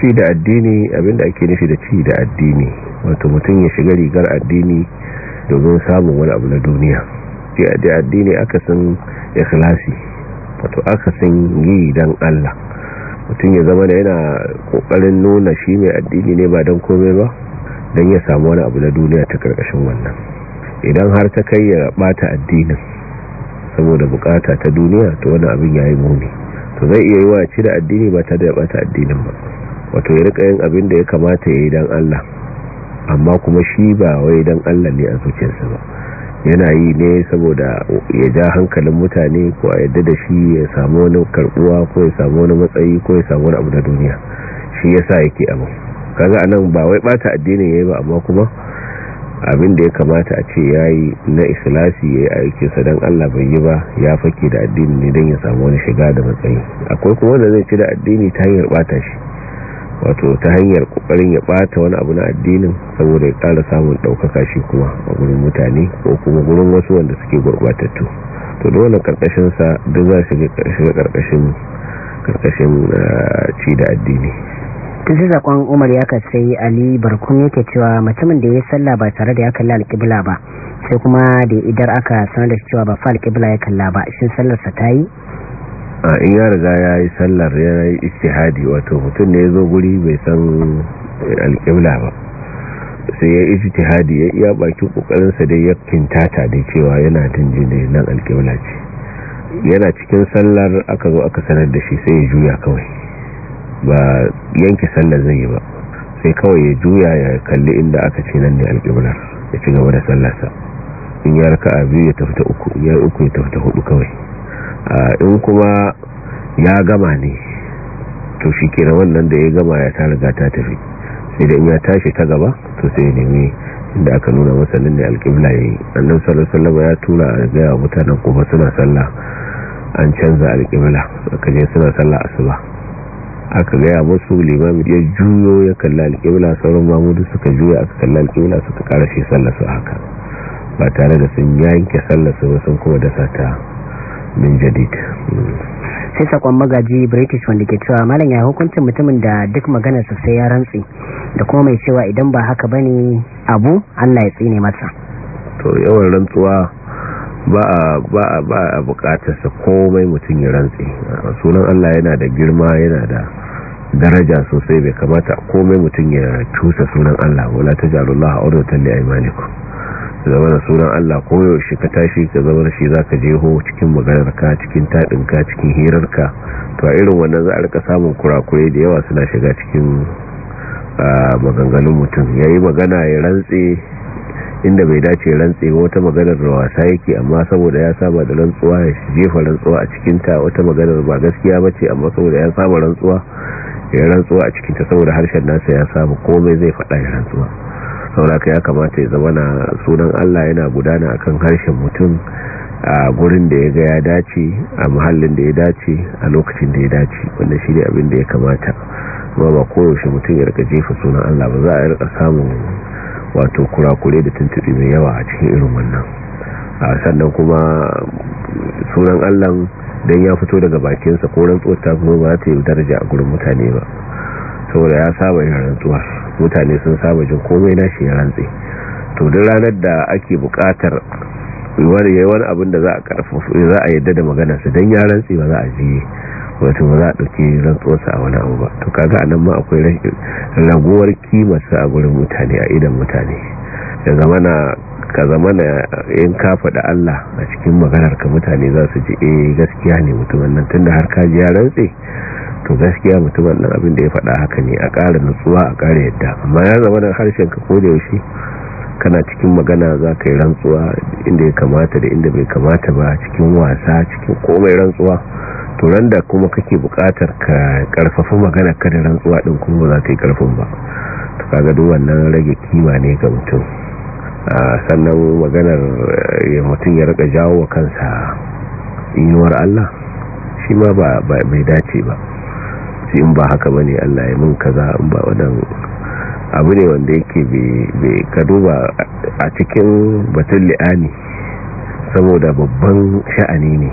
ci da addini abinda ake nufi da ci da addini wato mutum ya shiga rigar addini domin samun wani abu na duniya ci da addini aka san ikhlasi wato aka san yi dan Allah mutum ya zama da yana kokarin nuna shi mai addini ne ba don komai ba don ya samu wani abu na duniya ta karkashin wannan idan har ta kai ya bata addinin saboda bukata ta duniya to wani abin ya yi muni to zai iya yi wa ci da addini ba ta da ya bata addinin ba wato ya rika yin abin da ya kamata ya yi don allah amma kuma shi ba wai don allah ne a zuciyarsa ba yana yi ne saboda ya ja hankalin mutane ko a yadda da shi ya samu wani karbuwa ko ya samu wani matsayi ko ya samu wani abu na duniya shi ya sa yake abu kaga anan ba wai bata addinin yi ba amma kuma abin da ya kamata a ce ya yi na islasi yayi aikin sa dan Allah bai yi ba ya fake da addini ne don ya samu wani shiga da matsayi akwai kuma wanda zai ci da addini ta hanyar bata shi wato ta hanyar kokarin ya bata wani abu na addinin saboda ya kara samun daukaka shi kuma a gurin mutane ko kuma gurin wasu wanda suke gurbatattu to dole karkashin sa duk za shi ga karkashin karkashin ah, ci da addini tun sai zakon umar ya sai ali barkun yake cewa mutumin da ya salla ba tare da ya kalla alƙibla ba sai kuma da idar aka sanar da cewa ba fa alƙibla ya kalla ba shin sallarsa ta yi in ya riga ya yi sallar ya yi istihadi wato mutum ne ya zo guri bai san alƙibla ba sai ya istihadi ya iya baki ƙoƙarinsa dai ya kintata da cewa yana jin jini nan alƙibla ce yana cikin sallar aka zo aka sanar da shi sai ya juya kawai ba yanki sallar zai yi ba sai kawai ya juya ya kalli inda aka ce nan ne alƙiblar ya ci gaba da sallarsa in ya raka a biyu ya tafi ta uku ya uku ya tafi ta hudu kawai in kuma ya gama ne to shi kira wannan da ya gama ya ta riga ta tafi sai da in ya tashi ta gaba to sai nemi inda aka nuna masallin da alƙibla ya yi annan salasalama ya tura a gaya mutanen kuma suna sallah an canza alƙibla aka je suna sallah asuba aka gaya musu limami ya juyo ya kalla alƙibla sauran mamudu suka juya aka kalla alƙibla suka ƙarashe sallah su haka ba tare da sun yanke sallah su ba sun kuma dasa ta min jadid sai sakon magaji british wanda ke cewa malam ya hukuncin mutumin da duk maganarsa sai ya rantsi da kuma mai cewa idan ba haka ba ne abu allah ya tsine masa to yawan rantsuwa ba a ba a ba a bukatarsa komai mutum ya rantsi sunan allah yana da girma yana da daraja sosai bai kamata komai mutum ya tusa sunan allah wala ta auratan li aymanikum zama da sunan Allah koyaushe ka tashi ka zama da shi za ka jeho cikin maganarka cikin taɗinka cikin ka to a irin wannan za a rika samun kurakurai da yawa suna shiga cikin maganganun mutum ya yi magana ya rantse inda bai dace rantse wata maganar da wasa yake amma saboda ya saba da rantsuwa ya jefa rantsuwa a cikinta wata maganar ba gaskiya ba ce amma saboda ya saba rantsuwa ya rantsuwa a ta saboda harshen nasa ya saba komai zai faɗa ya rantsuwa sauraka ya kamata ya zama na sunan Allah yana gudana akan harshen mutum a gurin da ya ga ya dace a muhallin da ya dace a lokacin da ya dace wanda shi ne abin da ya kamata ba ba koyaushe mutum ya rika jefa sunan Allah ba za a rika samun wato kurakure da tuntubi mai yawa a cikin irin wannan sannan kuma sunan Allah don ya fito daga bakinsa ko rantsuwar ta kuma ba ta yi daraja a gurin mutane ba saboda ya saba yin rantsuwa mutane sun saba jin komai na shi ya rantse to duk ranar da ake bukatar wani yayi wani abin da za a yarda za a yadda da maganarsa dan ya rantse ba za a ji wato ba za a dauki rantsuwarsa a wani abu ba to kaga anan ma akwai raguwar sa a gurin mutane a idan mutane ya zamana ka zama na in ka da Allah a cikin maganar ka mutane za su ji eh gaskiya ne mutumin nan tunda har ka ji ya rantse to gaskiya mutumin nan abin da ya faɗa haka ne a ƙara nutsuwa a ƙara yadda amma ya zama da harshen ka ko da yaushe kana cikin magana za ka yi rantsuwa inda ya kamata da inda bai kamata ba cikin wasa cikin komai rantsuwa to ran da kuma kake buƙatar ka ƙarfafa magana ka da rantsuwa ɗin kuma ba za ta yi ƙarfin ba to kaga duk wannan rage kima ne ga mutum sannan maganar ya eh, mutum ya rika jawo wa kansa inuwar Allah shi ma ba bai dace ba ce in ba haka bane Allah ya mun kaza in ba wadan abu ne wanda yake bai ka duba a cikin batun li'ani saboda babban sha'ani ne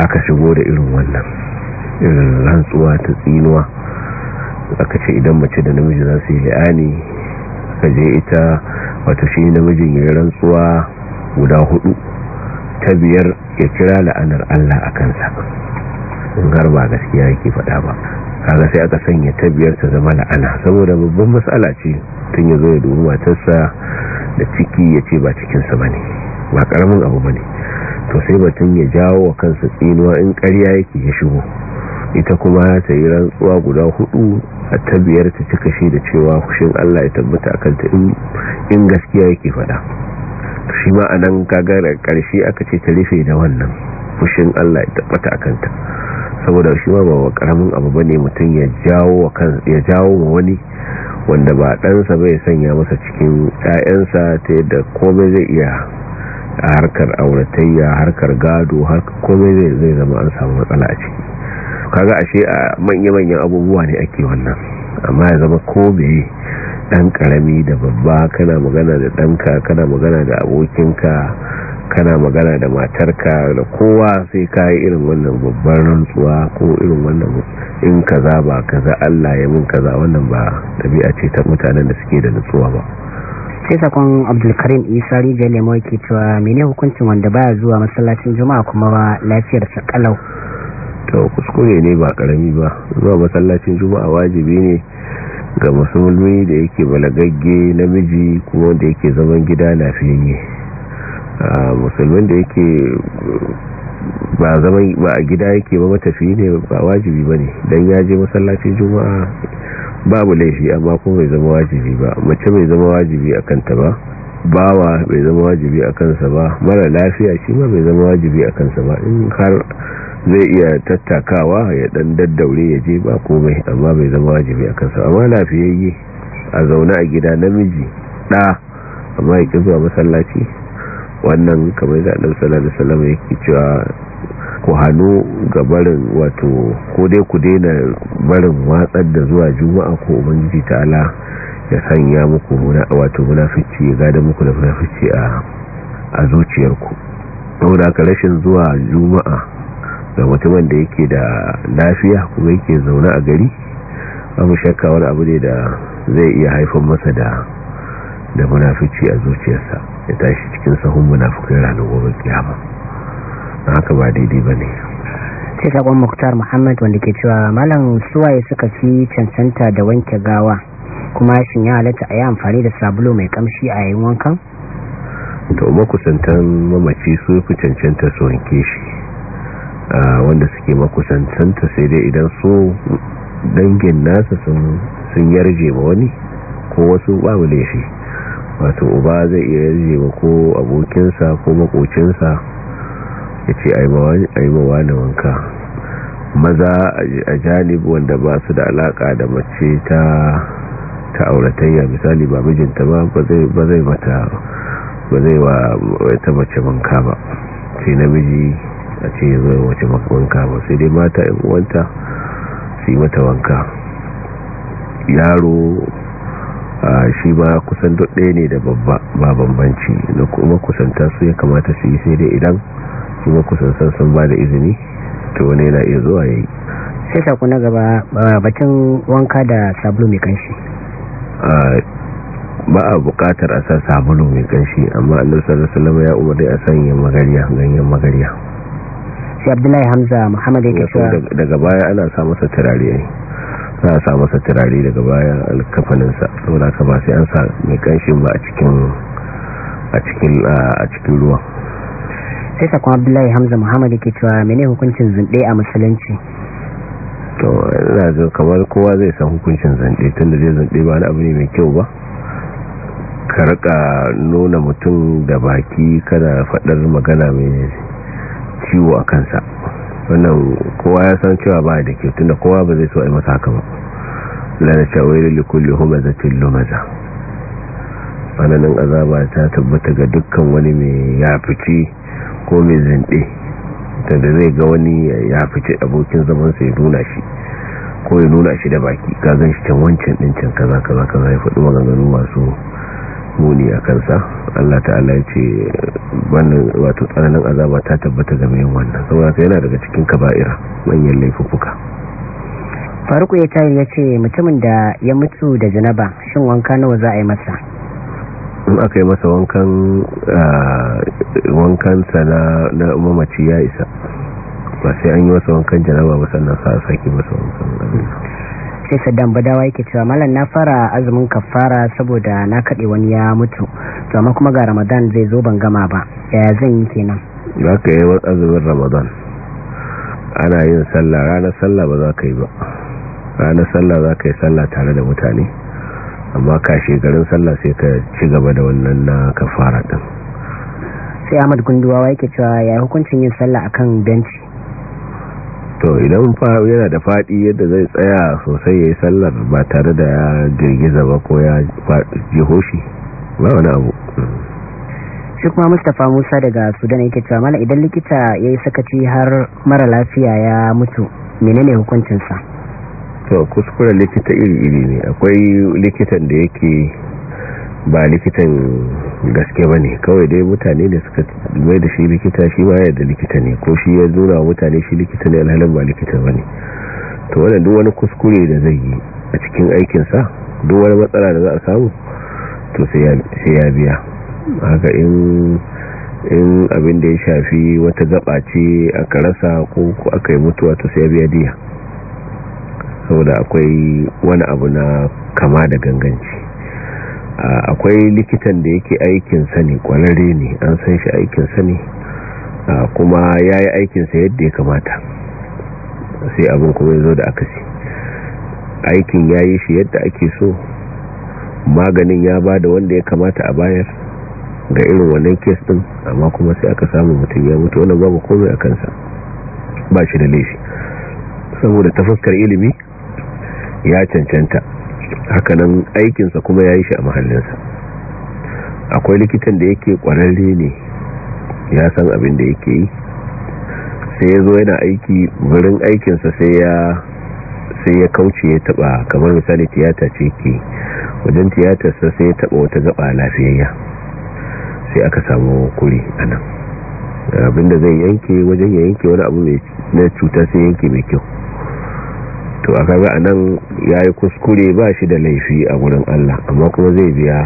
aka shigo da irin wannan irin rantsuwa ta tsinuwa aka ce idan mace da namiji za su yi li'ani ka je ita wato shi namijin ya rantsuwa guda hudu ta biyar ya kira la'anar Allah a kansa in har ba gaskiya yake faɗa ba kaga sai aka sanya ta biyar ta zama la'ana saboda babban matsala ce tun ya zo ya dubi matarsa da ciki ya ce ba cikinsa ba ne ba ƙaramin abu ba ne to sai batun ya jawo wa kansa tsinuwa in ƙarya yake ya shigo ita kuma ta yi rantsuwa guda hudu a ta ta cika shi da cewa fushin Allah ya tabbata akan ta in gaskiya yake faɗa shi ma anan kaga da ƙarshe aka ce ta rufe da wannan fushin Allah ya tabbata akan ta saboda shi ma ba karamin abu bane mutum ya jawo wa kan ya jawo wa wani wanda ba ɗansa bai sanya masa cikin ƴaƴansa ta yadda komai zai iya harkar auratayya harkar gado har komai zai zama an samu matsala a ciki kaga ashe a manya-manyan abubuwa ne ake wannan amma ya zama ko dan karami da babba kana magana da danka kana magana da abokinka kana magana da matarka da kowa sai ka yi irin wannan babban rantsuwa ko irin wannan in kaza ba kaza Allah ya mun kaza wannan ba tabi'a ce ta mutanen da suke da nutsuwa ba sai sakon abdulkarim isa rijiyar lemo yake cewa mene hukuncin wanda baya zuwa masallacin juma'a kuma ba lafiyar sa kalau to kuskure ne ba karami ba zuwa masallacin juma'a wajibi ne ga musulmi da yake balagagge namiji kuma wanda yake zaman gida lafiyayye musulmin da yake ba zama ba a gida yake ba matafi ne ba wajibi ba ne don ya je masallacin juma'a babu laifi amma kuma bai zama wajibi ba mace bai zama wajibi a kanta ba bawa bai zama wajibi a kansa ba mara lafiya shi ma bai zama wajibi a kansa ba in har zai iya tattakawa ya dan daddaure ya je ba komai amma bai zama wajibi a kansa amma lafiyayye a zaune a gida namiji ɗa amma ya ƙi zuwa masallaci wannan kamar da annabi da alaihi ya yake cewa ku hannu ga barin wato ko dai ku daina barin watsar da zuwa juma'a ko ubangiji ala ya sanya muku muna wato munafici ya gada muku da munafici a a zuciyarku saboda aka rashin zuwa juma'a ga mutumin da yake da lafiya kuma yake zaune a gari abu shakka wani abu ne da zai iya haifar masa da da munafici a zuciyarsa ya tashi cikin sahun munafikai ranar gobe kiyama na haka ba daidai ba ne sai sakon muktar muhammad wanda ke cewa malam suwaye suka fi cancanta da wanke gawa kuma shin ya halatta a yi amfani da sabulu mai kamshi a yayin wankan to makusantan mamaci su fi cancanta su wanke shi wanda suke makusantanta sai dai idan su dangin nasa sun yarje ma wani ko wasu babu laifi wato uba zai iya yarje ba ko abokinsa ko makocinsa ya ce aimawa na wanka maza a janib wanda ba su da alaka da mace ta ta auratayya misali ba mijinta ba ba zai mata ba zai wa ta mace wanka ba sai namiji a ce zai wace wanka ba sai dai mata yan su yi mata wanka yaro shi ba kusan duk ɗaya ne da babba ba bambanci da kuma kusanta su ya kamata su yi sai dai idan su san sun ba da izini to wani yana iya zuwa ya yi sai saku na gaba bakin wanka da sabulu mai kanshi ba a bukatar a sa sabulu mai kanshi amma da salama ya umarni a sanya magariya ganyen magariya sai abdullahi hamza muhammad daga baya ana sa masa turare za a sa masa turare daga bayan alkafaninsa saboda ka ba sai an sa mai kanshin ba a cikin a cikin a cikin ruwa sai sakon abdullahi hamza muhammad yake cewa mene hukuncin zunde a musulunci to yana zo kamar kowa zai san hukuncin tun tunda zai zunde ba na abu ne mai kyau ba ka rika nuna mutum da baki kada faɗar magana mai ciwo a kansa wannan kowa ya san cewa ba da ke tunda kowa ba zai so a masa haka ba lana shawailu likulli humazatin lumaza tsananin azaba ta tabbata ga dukkan wani mai ya fice ko mai zinde da zai ga wani ya fice abokin zaman ya nuna shi ko ya nuna shi da baki ka gan shi can wancan ɗincin kaza kaza kaza ya faɗi maganganu masu muni a kansa Allah ta'ala ya ce wannan wato tsananin azaba ta tabbata ga mai wannan saboda yana daga cikin kaba'ira manyan laifuka faruku ya tayar ya ce mutumin da ya mutu da janaba shin wanka nawa za a yi masa in aka yi masa wankan ah, wankan sa na mamaci ya isa ba sai an yi masa wankan janaba ba sannan sa a sake masa wankan sai saddam badawa yake cewa malam na fara azumin kafara saboda na kaɗe wani ya mutu to amma kuma ga ramadan zai zo ban gama ba yaya zan yi kenan za ka yi azumin ramadan ana yin sallah ranar sallah ba za ka yi ba ranar sallah za ka yi sallah tare da mutane amma ka garin sallah sai ka ci gaba da wannan na kafara din sai ahmad gunduwa yake cewa ya hukuncin yin sallah akan benci to idan yana da faɗi yadda zai tsaya sosai ya yi sallar ba tare da ya girgiza ba ko ya jeho shi ba wani abu shi kuma mustapha musa daga sudan yake cewa mana idan likita ya yi sakaci har mara lafiya ya mutu menene hukuncinsa to kuskuren likita iri-iri ne akwai likitan da yake ba likitan gaske ba ne kawai dai mutane da suka mai da shi likita shi ma yadda likita ne ko shi ya wa mutane shi likita ne alhalin ba likita ba ne to wadda duk wani kuskure da zai yi a cikin aikinsa duk wani matsala da za a samu to sai ya biya haka in abin da ya shafi wata zaba ce aka rasa ko aka yi mutuwa to sai ya biya diya saboda akwai wani abu na kama da ganganci akwai likitan da yake aikin sani kwalare ne an san shi aikin sani kuma ya yi aikinsa yadda ya kamata sai abin kuma ya zo da akasi aikin ya yi shi yadda ake so maganin ya ba da wanda ya kamata a bayar ga irin wannan kes din amma kuma sai aka samu mutum ya mutu wannan babu komai a kansa ba shi da laifi saboda tafaskar ilimi ya cancanta hakanan aikinsa kuma ya yi shi a mahallinsa akwai likitan da yake kwararre ne ya san abin da yake yi sai ya zo yana aiki wurin aikinsa sai ya sai ya kauce ya taba kamar misali tiyata ce ke wajen tiyatarsa sai ya taba wata gaba lafiyayya sai aka samu kuri a nan abinda zai yanke wajen ya yanke wani abu na cuta sai yanke mai kyau to a kaga anan yayi kuskure ba shi da laifi a gurin Allah amma kuma zai biya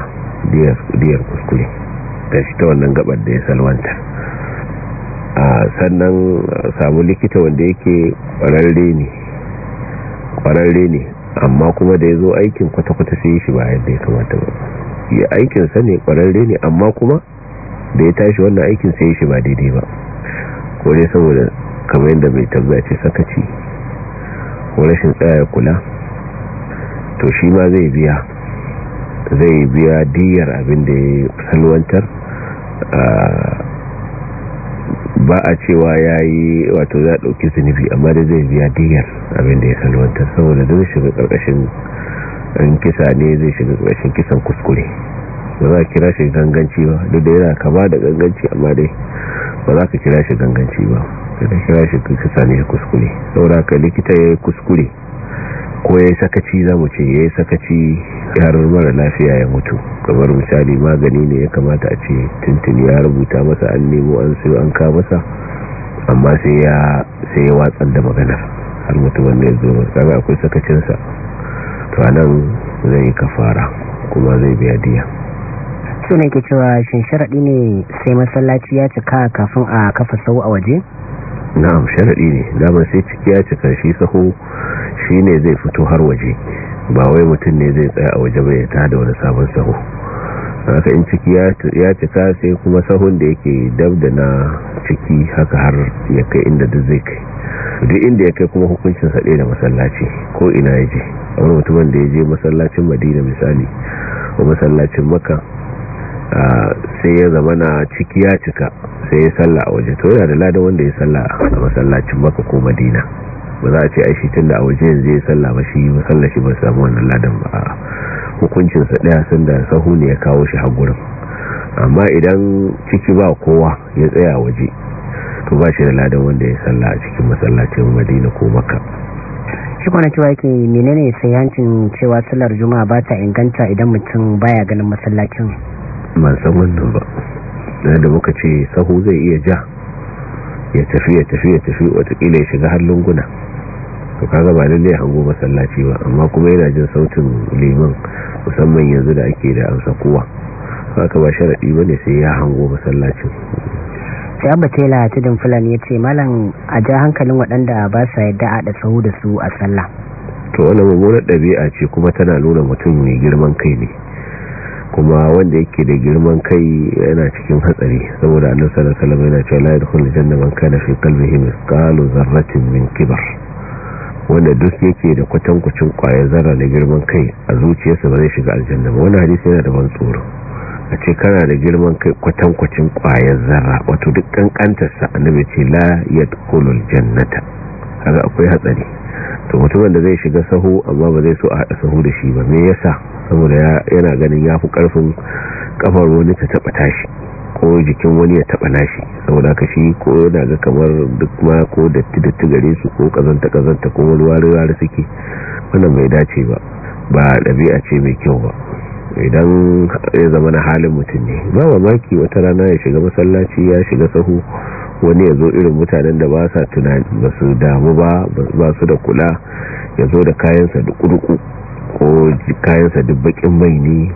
diyar kuskure da shi ta wannan gabar da ya salwanta a sannan samu likita wanda yake kwararre ne kwararre ne amma kuma da ya zo aikin kwata-kwata sai shi ba yadda ya kamata ba ya aikin ne kwararre ne amma kuma da ya tashi wannan aikin sai shi ba daidai ba ko dai saboda kamar yadda bai tabbaci sakaci ko rashin tsaya kula to shi ma zai biya zai biya diyar abin da ya salwantar ah, ba a cewa ya yi wato za a ɗauki zunubi amma da zai biya diyar abin da ya salwantar saboda zai shiga ƙarƙashin ɗan kisa ne zai shiga ƙarƙashin kisan kuskure ba za a kira shi ganganci ba duk da yana kama da ganganci amma dai ba za ka kira shi ganganci ba da kira shi ka same kuskure saura ka likita ya yi kuskure ko ya yi sakaci za mu ce ya yi sakaci har mara lafiya ya mutu kamar misali magani ne ya kamata a ce tuntun ya rubuta masa an nemo an sayo an ka masa amma sai ya sai ya watsar da maganar har mutu wanda ya zo kaga akwai sakacinsa to anan zai kafara kuma zai biya diya sunan ke cewa shin sharaɗi ne sai masallaci ya cika kafin a kafa sau a waje na'am sharadi ne dama sai ciki ya cika shi saho shine zai fito har waje ba wai mutum ne zai tsaya a waje ba ya tada wani sabon saho haka in ciki ya cika sai kuma sahun da yake dab da na ciki haka har ya kai inda duk zai kai duk inda ya kai kuma hukuncin saɗe da masallaci ko ina ya je a wani mutumin da ya je masallacin madina misali ko masallacin maka sai ya zama na ciki ya cika sai ya salla a waje to yana da ladan wanda ya salla a masallacin maka ko madina ba za a ce aishi tun da a waje yanzu ya salla ba shi masallaci ba samu wannan ladan ba hukuncin hukuncinsa ɗaya sun da sahu ne ya kawo shi hagurin amma idan ciki ba kowa ya tsaya waje to ba shi da ladan wanda ya salla a cikin masallacin madina ko maka shi kwana cewa yake menene sayancin cewa sallar juma'a ba ta inganta idan mutum baya ganin masallacin ban san wannan ba na da muka ce sahu zai iya ja ya tafi ya tafi ya tafi watakila ya shiga har lunguna to kaga ba lalle hango masallaci ba amma kuma yana jin sautin liman musamman yanzu da ake da amsa kowa haka ba sharaɗi ba ne sai ya hango masallacin sai abba tela tudun fulani ya ce malam a ja hankalin waɗanda ba sa yadda a da sahu da su a sallah to wani mummunar ɗabi'a ce kuma tana nuna mutum mai girman kai ne kuma wanda yake da girman kai yana cikin hatsari saboda annabi sanar salama yana cewa la yadkhulu janna man kana fi qalbihi mithqalu zarratin min kibar wanda duk yake da kwatankwacin kwayar zarra da girman kai a zuciyarsa ba zai shiga aljanna ba wannan hadisi yana da ban tsoro a ce kana da girman kai kwatankwacin kwayar zarra wato duk kankantarsa annabi ce la yadkhulul jannata kaga akwai hatsari to mutumin da zai shiga sahu amma ba zai so a haɗa sahu da shi ba me yasa saboda yana ganin ya fi ƙarfin kafar wani ta taɓa tashi ko jikin wani ya taba nashi saboda ka shi ko yana ga kamar duk ma ko datti datti gare su ko kazanta kazanta ko ruwa-ruwa ruwa suke wannan bai dace ba ba ɗabi'a ce mai kyau ba idan ya zama na halin mutum ne ba mamaki wata rana ya shiga masallaci ya shiga sahu wani ya zo irin mutanen da ba sa tunani ba su damu ba ba su da kula ya zo da kayansa duku-duku ko kayansa dubbakin mai ne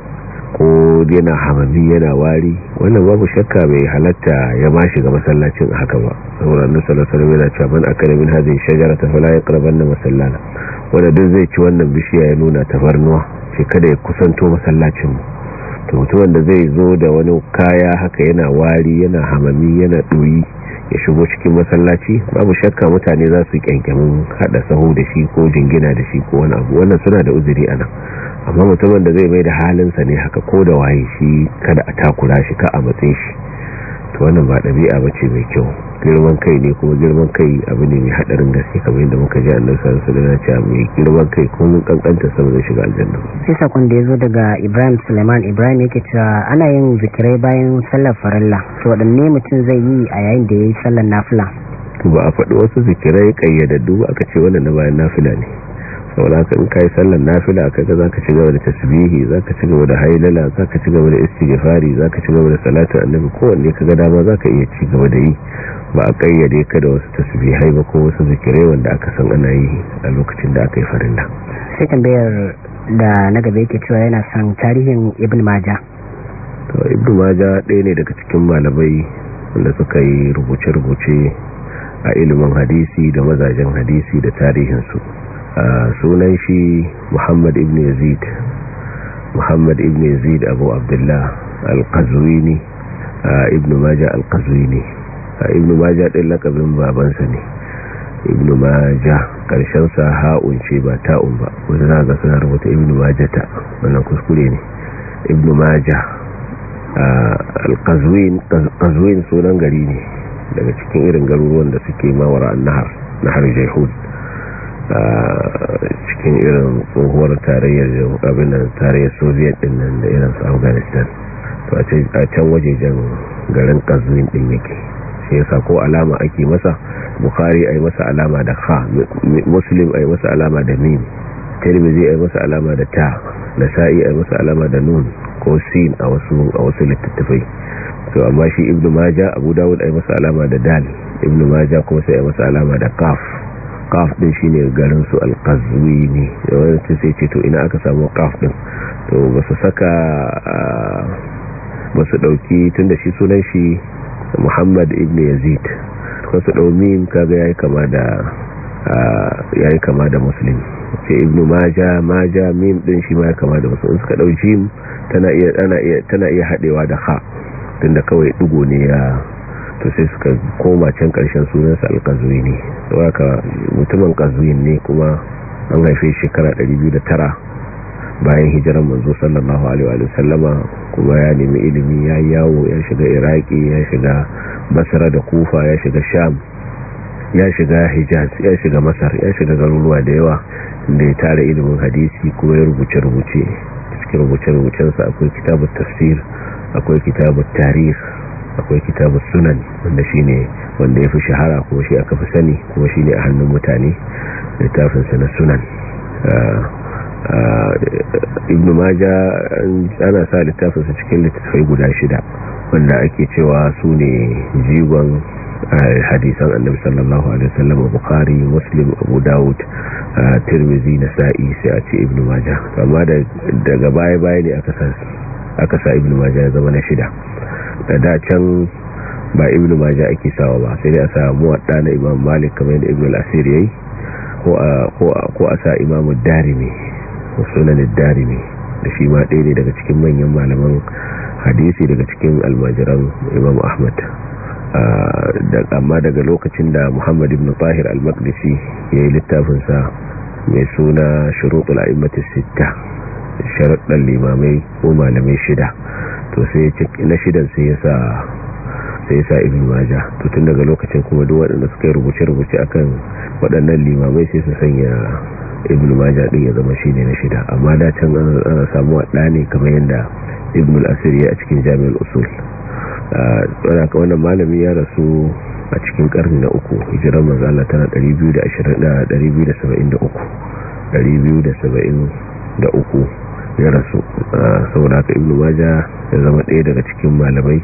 ko yana hamami yana wari wannan babu shakka bai halatta ya ma shiga masallacin haka ba sauran annabi sallallahu yana wasallam yana cewa man shagara ta fula ya fala na masallala wanda duk zai ci wannan bishiya ya nuna tafarnuwa shekada kada ya kusanto masallacin mu to mutumin da zai zo da wani kaya haka yana wari yana hamami yana ɗoyi ya shigo cikin masallaci babu shakka mutane za su kyankyamin hada saho da shi ko jingina da shi ko wani abu wannan suna da uzuri a nan amma mutumin da zai mai da halinsa ne haka ko da waye shi kada a takura shi ka a matse shi to wannan ba ɗabi'a ba ce mai kyau girman kai ne kuma girman kai abu ne mai haɗarin gaske kamar yadda muka ji annabi sai na wasallam a mai girman kai kuma mun kankanta saboda shiga aljanna sai sakon da zo daga Ibrahim Suleiman Ibrahim yake cewa ana yin zikirai bayan sallar farilla to wadanne mutum zai yi a yayin da ya yayi sallar nafila ba a faɗi wasu zikirai kayyadaddu ba aka ce wannan na bayan nafila ne saboda haka in kai sallar nafila kaga zaka ci gaba da tasbihi zaka ci gaba da hailala zaka ci gaba da istighfari zaka ci gaba da salatu annabi kowanne kaga dama zaka iya ci gaba da yi ba a kayyade ka da wasu tasbihai ba ko wasu zikirai wanda aka san ana yi a lokacin da aka yi da. sai tambayar da na gaba yake cewa yana son tarihin ibn maja to ibn maja ɗaya ne daga cikin malamai wanda suka yi rubuce-rubuce a ilimin hadisi da mazajen hadisi da tarihinsu sunan shi muhammad ibn yazid muhammad ibn yazid abu abdullah al-qazwini ibn majah al-qazwini ibn majah din lakabin babansa ne ibn majah karshen sa ha'un ce ba ta'un ba wanda za ga suna rubuta ibn majah ta wannan kuskure ne ibn majah al-qazwin qazwin sunan gari ne daga cikin irin garuruwan da suke mawara an-nahar Jehud. a cikin irin tsohuwar tarayyar abin tarayyar soviet din nan da irin su afghanistan to a can wajejen garin kazmin din yake shi yasa ko alama ake masa bukhari yi masa alama da ha muslim yi masa alama da min a yi masa alama da ta nasa'i yi masa alama da nun ko sin a wasu a wasu littattafai to amma shi ibnu maja abu dawud ai masa alama da dal ibnu maja kuma sai yi masa alama da kaf kaf din shine garin su al-qazwini ce sai ce to ina aka samu ƙaf din to ba su saka ba su dauki da shi sunan shi Muhammad ibn Yazid ko su dau mim kaga yayi kama da yayi kama da musulmi ce ibn maja maja mim din shi ma kama da musulmi suka dau jim tana iya haɗewa iya tana iya da ha tunda kawai dugo ne ya to sai suka koma can karshen sunansa alkazuini to mutumin kazuin ne kuma an haife shekara 209 bayan hijiran manzo sallallahu alaihi wa sallama kuma ya nemi ilimi ya yawo ya shiga iraki ya shiga basra da kufa ya shiga sham ya shiga hijaz ya shiga masar ya shiga garuruwa da yawa da ya tara ilimin hadisi kuma ya rubuce-rubuce cikin rubuce-rubucensa akwai kitabun tafsir akwai kitabun tarih akwai kitabu sunan wanda ne wanda ya fi shahara kuma shi aka fi sani kuma ne a hannun mutane littafinsa na sunan ah, ah, ibn maja ana sa littafinsa cikin littattafai guda shida wanda ake cewa su ne jigon ah, hadisan annabi sallallahu alaihi wasallam bukhari muslim abu daud tirmidhi nasa'i sai a ce ibn maja amma daga baya baya ne aka sa ibn maja ya zama na shida da dacen ba ibnu maja ake sawa ba sai dai a samu wadda na imam malik kamar yadda ibn al-asir yayi ko a sa imamu darimi sunan darimi da shi ma ɗaya ne daga cikin manyan malaman hadisi daga cikin almajiran imam ahmad amma daga lokacin da muhammad ibn tahir al-maqdisi ya yi littafinsa mai suna shuruɗul a'immatis sitta sharaɗin limamai ko malamai shida to sai ya na shidan sai ya sa sai sa ibn majah to tun daga lokacin kuma duk waɗanda suka rubuce rubuce akan waɗannan limamai sai su sanya ibn majah din ya zama shine na shida amma da can ana samu wadda ne kamar yadda ibn al-asir ya a cikin jami'ul usul a wannan malami ya rasu a cikin karni na uku hijirar manzo Allah tana 220 273 273 ya rasu saboda haka ibnu maja ya zama ɗaya daga cikin malamai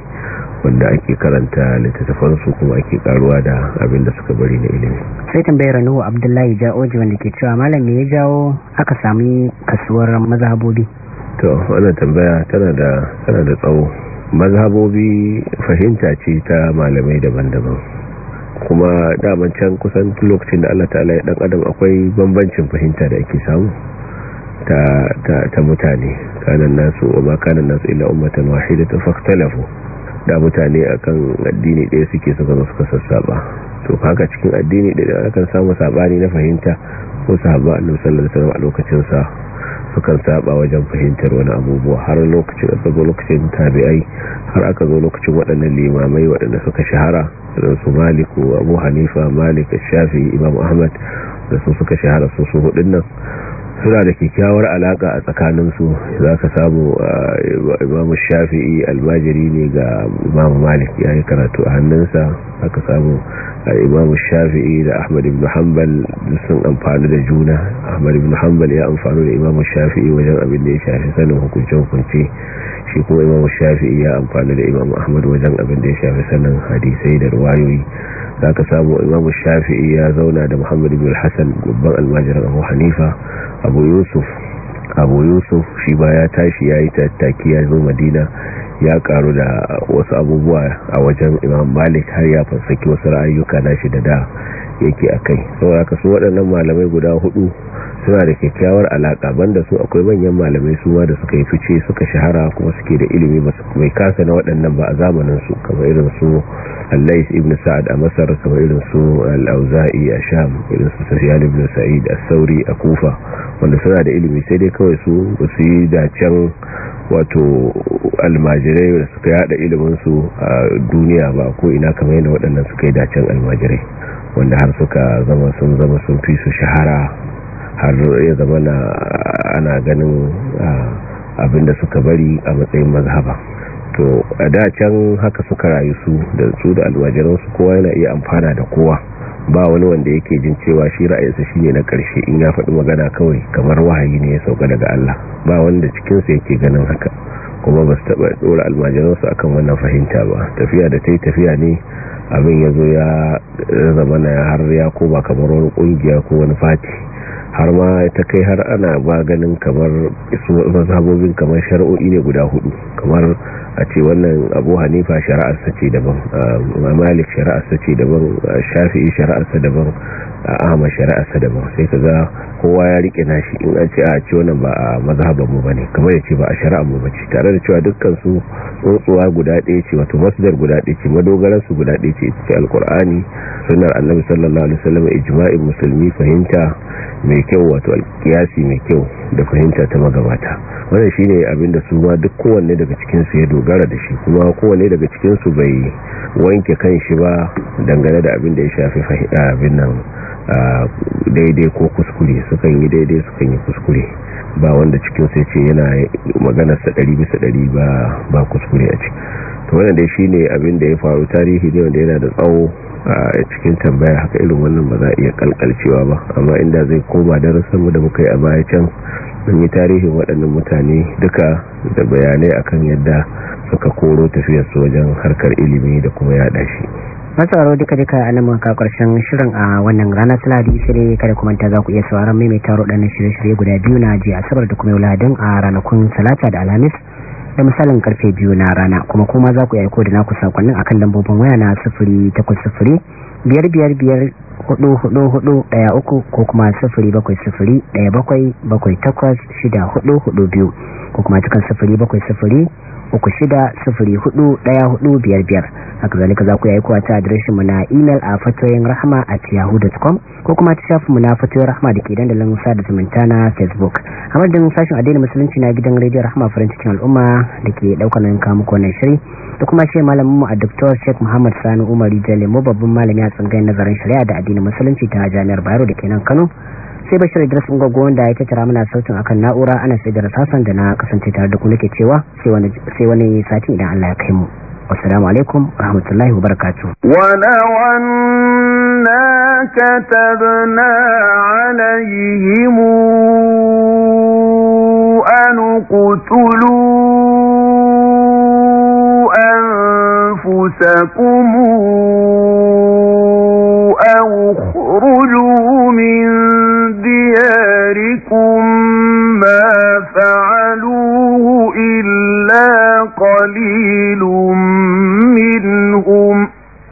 wanda ake karanta littattafansu kuma ake karuwa da abin da suka bari na ilimi sai tambayar nuhu abdullahi ja'oji wanda ke cewa malam ya jawo aka sami kasuwar mazhabobi to wannan tambaya tana da da tsawo mazhabobi fahimta ce ta malamai daban-daban kuma daman can kusan lokacin da Allah ta'ala ya dan adam akwai bambancin fahimta da ake samu ta mutane kanan nasu wa ma kanan nasu illa ummatan wahidatan fahtalafu da mutane akan addini ɗaya suke suka zo suka sassaba to haka cikin addini ɗaya akan samu sabani na fahimta ko sahaba annabi sallallahu alaihi wasallam a lokacin sa sukan saba wajen fahimtar wani abubuwa har lokacin aka zo lokacin tabi'ai har aka zo lokacin waɗannan limamai waɗanda suka shahara irin su maliku abu hanifa malik shafi imam ahmad da su suka shahara su su hudun nan suna da kyakkyawar alaka a tsakaninsu za ka samu imamu shafi'i almajiri ne ga imamu malik ya yi karatu a hannunsa aka samu Imamu shafi'i da ahmad ibn hanbal sun amfani da juna ahmad ibn hanbal ya amfani da imamu shafi'i wajen abin da ya shafi sanin hukunce-hukunce shi kuma imamu shafi'i ya amfani da imamu ahmad wajen abin da ya shafi sanin hadisai da ruwayoyi za ka samu imamu shafi'i ya zauna da muhammad ibn hassan babban almajiran abu hanifa abu yusuf abu yusuf shi ba ya tashi ya yi tattaki ya zo madina ya karu da wasu abubuwa a wajen imam malik har ya fasaki wasu ra'ayyuka shi da da yake a kai saboda ka su waɗannan malamai guda hudu suna da kyakkyawar alaka banda su akwai manyan malamai su ma da suka yi fice suka shahara kuma suke da ilimi mai kasa na waɗannan ba a zamanin su kamar irin su Allais ibn Sa'ad a Masar kamar irin su Al-Auza'i a Sham irin su Sufyan ibn Sa'id a Sauri a Kufa wanda suna da ilimi sai dai kawai su ba su yi dacen wato almajirai da suka yada ilimin su a duniya ba ko ina kamar yadda waɗannan suka yi dacen almajirai wanda har suka zama sun zama sun fi su shahara har ya zama ana ganin abinda suka bari a matsayin mazhaba to a da can haka suka rayu su da su da alwajiransu kowa yana iya amfana da kowa ba wani wanda yake jin cewa shi ra'ayinsa shine na karshe in ya faɗi magana kawai kamar wahayi ne ya sauka daga Allah ba wanda cikinsa yake ganin haka kuma ba su taɓa ɗora almajiransu akan wannan fahimta ba tafiya da ta yi tafiya ne abin ya zo ya zama na har ya koma kamar wani ƙungiya ko wani fati har ma ta kai har ana ba ganin kamar mazhabobin kamar shari'o'i ne guda hudu kamar a ce wannan abu hanifa shari'arsa ce daban malik shari'arsa ce daban shafi'i shari'arsa daban a ama da daban sai ka ga kowa ya rike nashi in an ce a ci wannan ba a mazhaban mu bane kamar yace ba a shari'ar mu bace tare da cewa dukkan su tsuntsuwa guda ɗaya ce wato masdar guda ɗaya ce madogaran su guda ɗaya ce ce alqur'ani sunnar annabi sallallahu alaihi wasallam ijma'in musulmi fahimta mai kyau wato alkiyasi mai kyau da fahimta ta magabata wannan shine abin da su ma duk kowanne daga cikin su ya dogara da shi kuma kowanne daga cikin su bai wanke kan shi ba dangane da abin da ya shafi abin nan daidai ko kuskure sukan yi daidai sukan yi kuskure ba wanda cikin sai ce yana sa ɗari bisa ɗari ba kuskure a ciki to wannan dai shine abin da ya faru tarihi ne wanda yana da tsawo a cikin tambaya haka irin wannan ba za a iya kalkalcewa ba amma inda zai koma mu da muka yi a baya can mun yi tarihin waɗannan mutane duka da bayanai akan yadda suka koro tafiyarsu wajen harkar ilimi da kuma yaɗa shi matsaro duka duka a nan maka karshen shirin a wannan ranar taladi sai dai kada kuma ta za ku iya sauraron taro ɗan shirye-shirye guda biyu na ji asabar da kuma ladin a ranakun talata da alhamis da misalin karfe biyu na rana kuma kuma za ku aiko da naku sakonnin akan lambobin waya na sufuri takwas sufuri biyar biyar biyar hudu hudu hudu daya uku ko kuma sufuri bakwai sufuri daya bakwai bakwai takwas shida hudu hudu biyu ko kuma cikin sufuri bakwai sufuri biyar haka zalika za ku yayi aikowa ta mu na imel a fatoyin rahama at yahoo.com ko kuma ta shafi mu na fatoyin rahama da ke dandalin da zumunta na facebook a madadin sashen adini musulunci na gidan rediyo rahama farin cikin al'umma da ke daukanin muku wannan shiri da kuma shi mu a dr sheik muhammad sani umar jalemo babban malami a tsangayin nazarin shari'a da addinin musulunci ta jami'ar bayero da ke nan kano sai bashir idris ungogo wanda ya tattara mana sautin akan na'ura ana sai da rasasan da na kasance tare da kuma ke cewa sai wani sati idan allah ya kai mu assalamu alaikum rahmatullahi wabarakatuh wa katabna an qutulu anfusakum أو اخرجوا من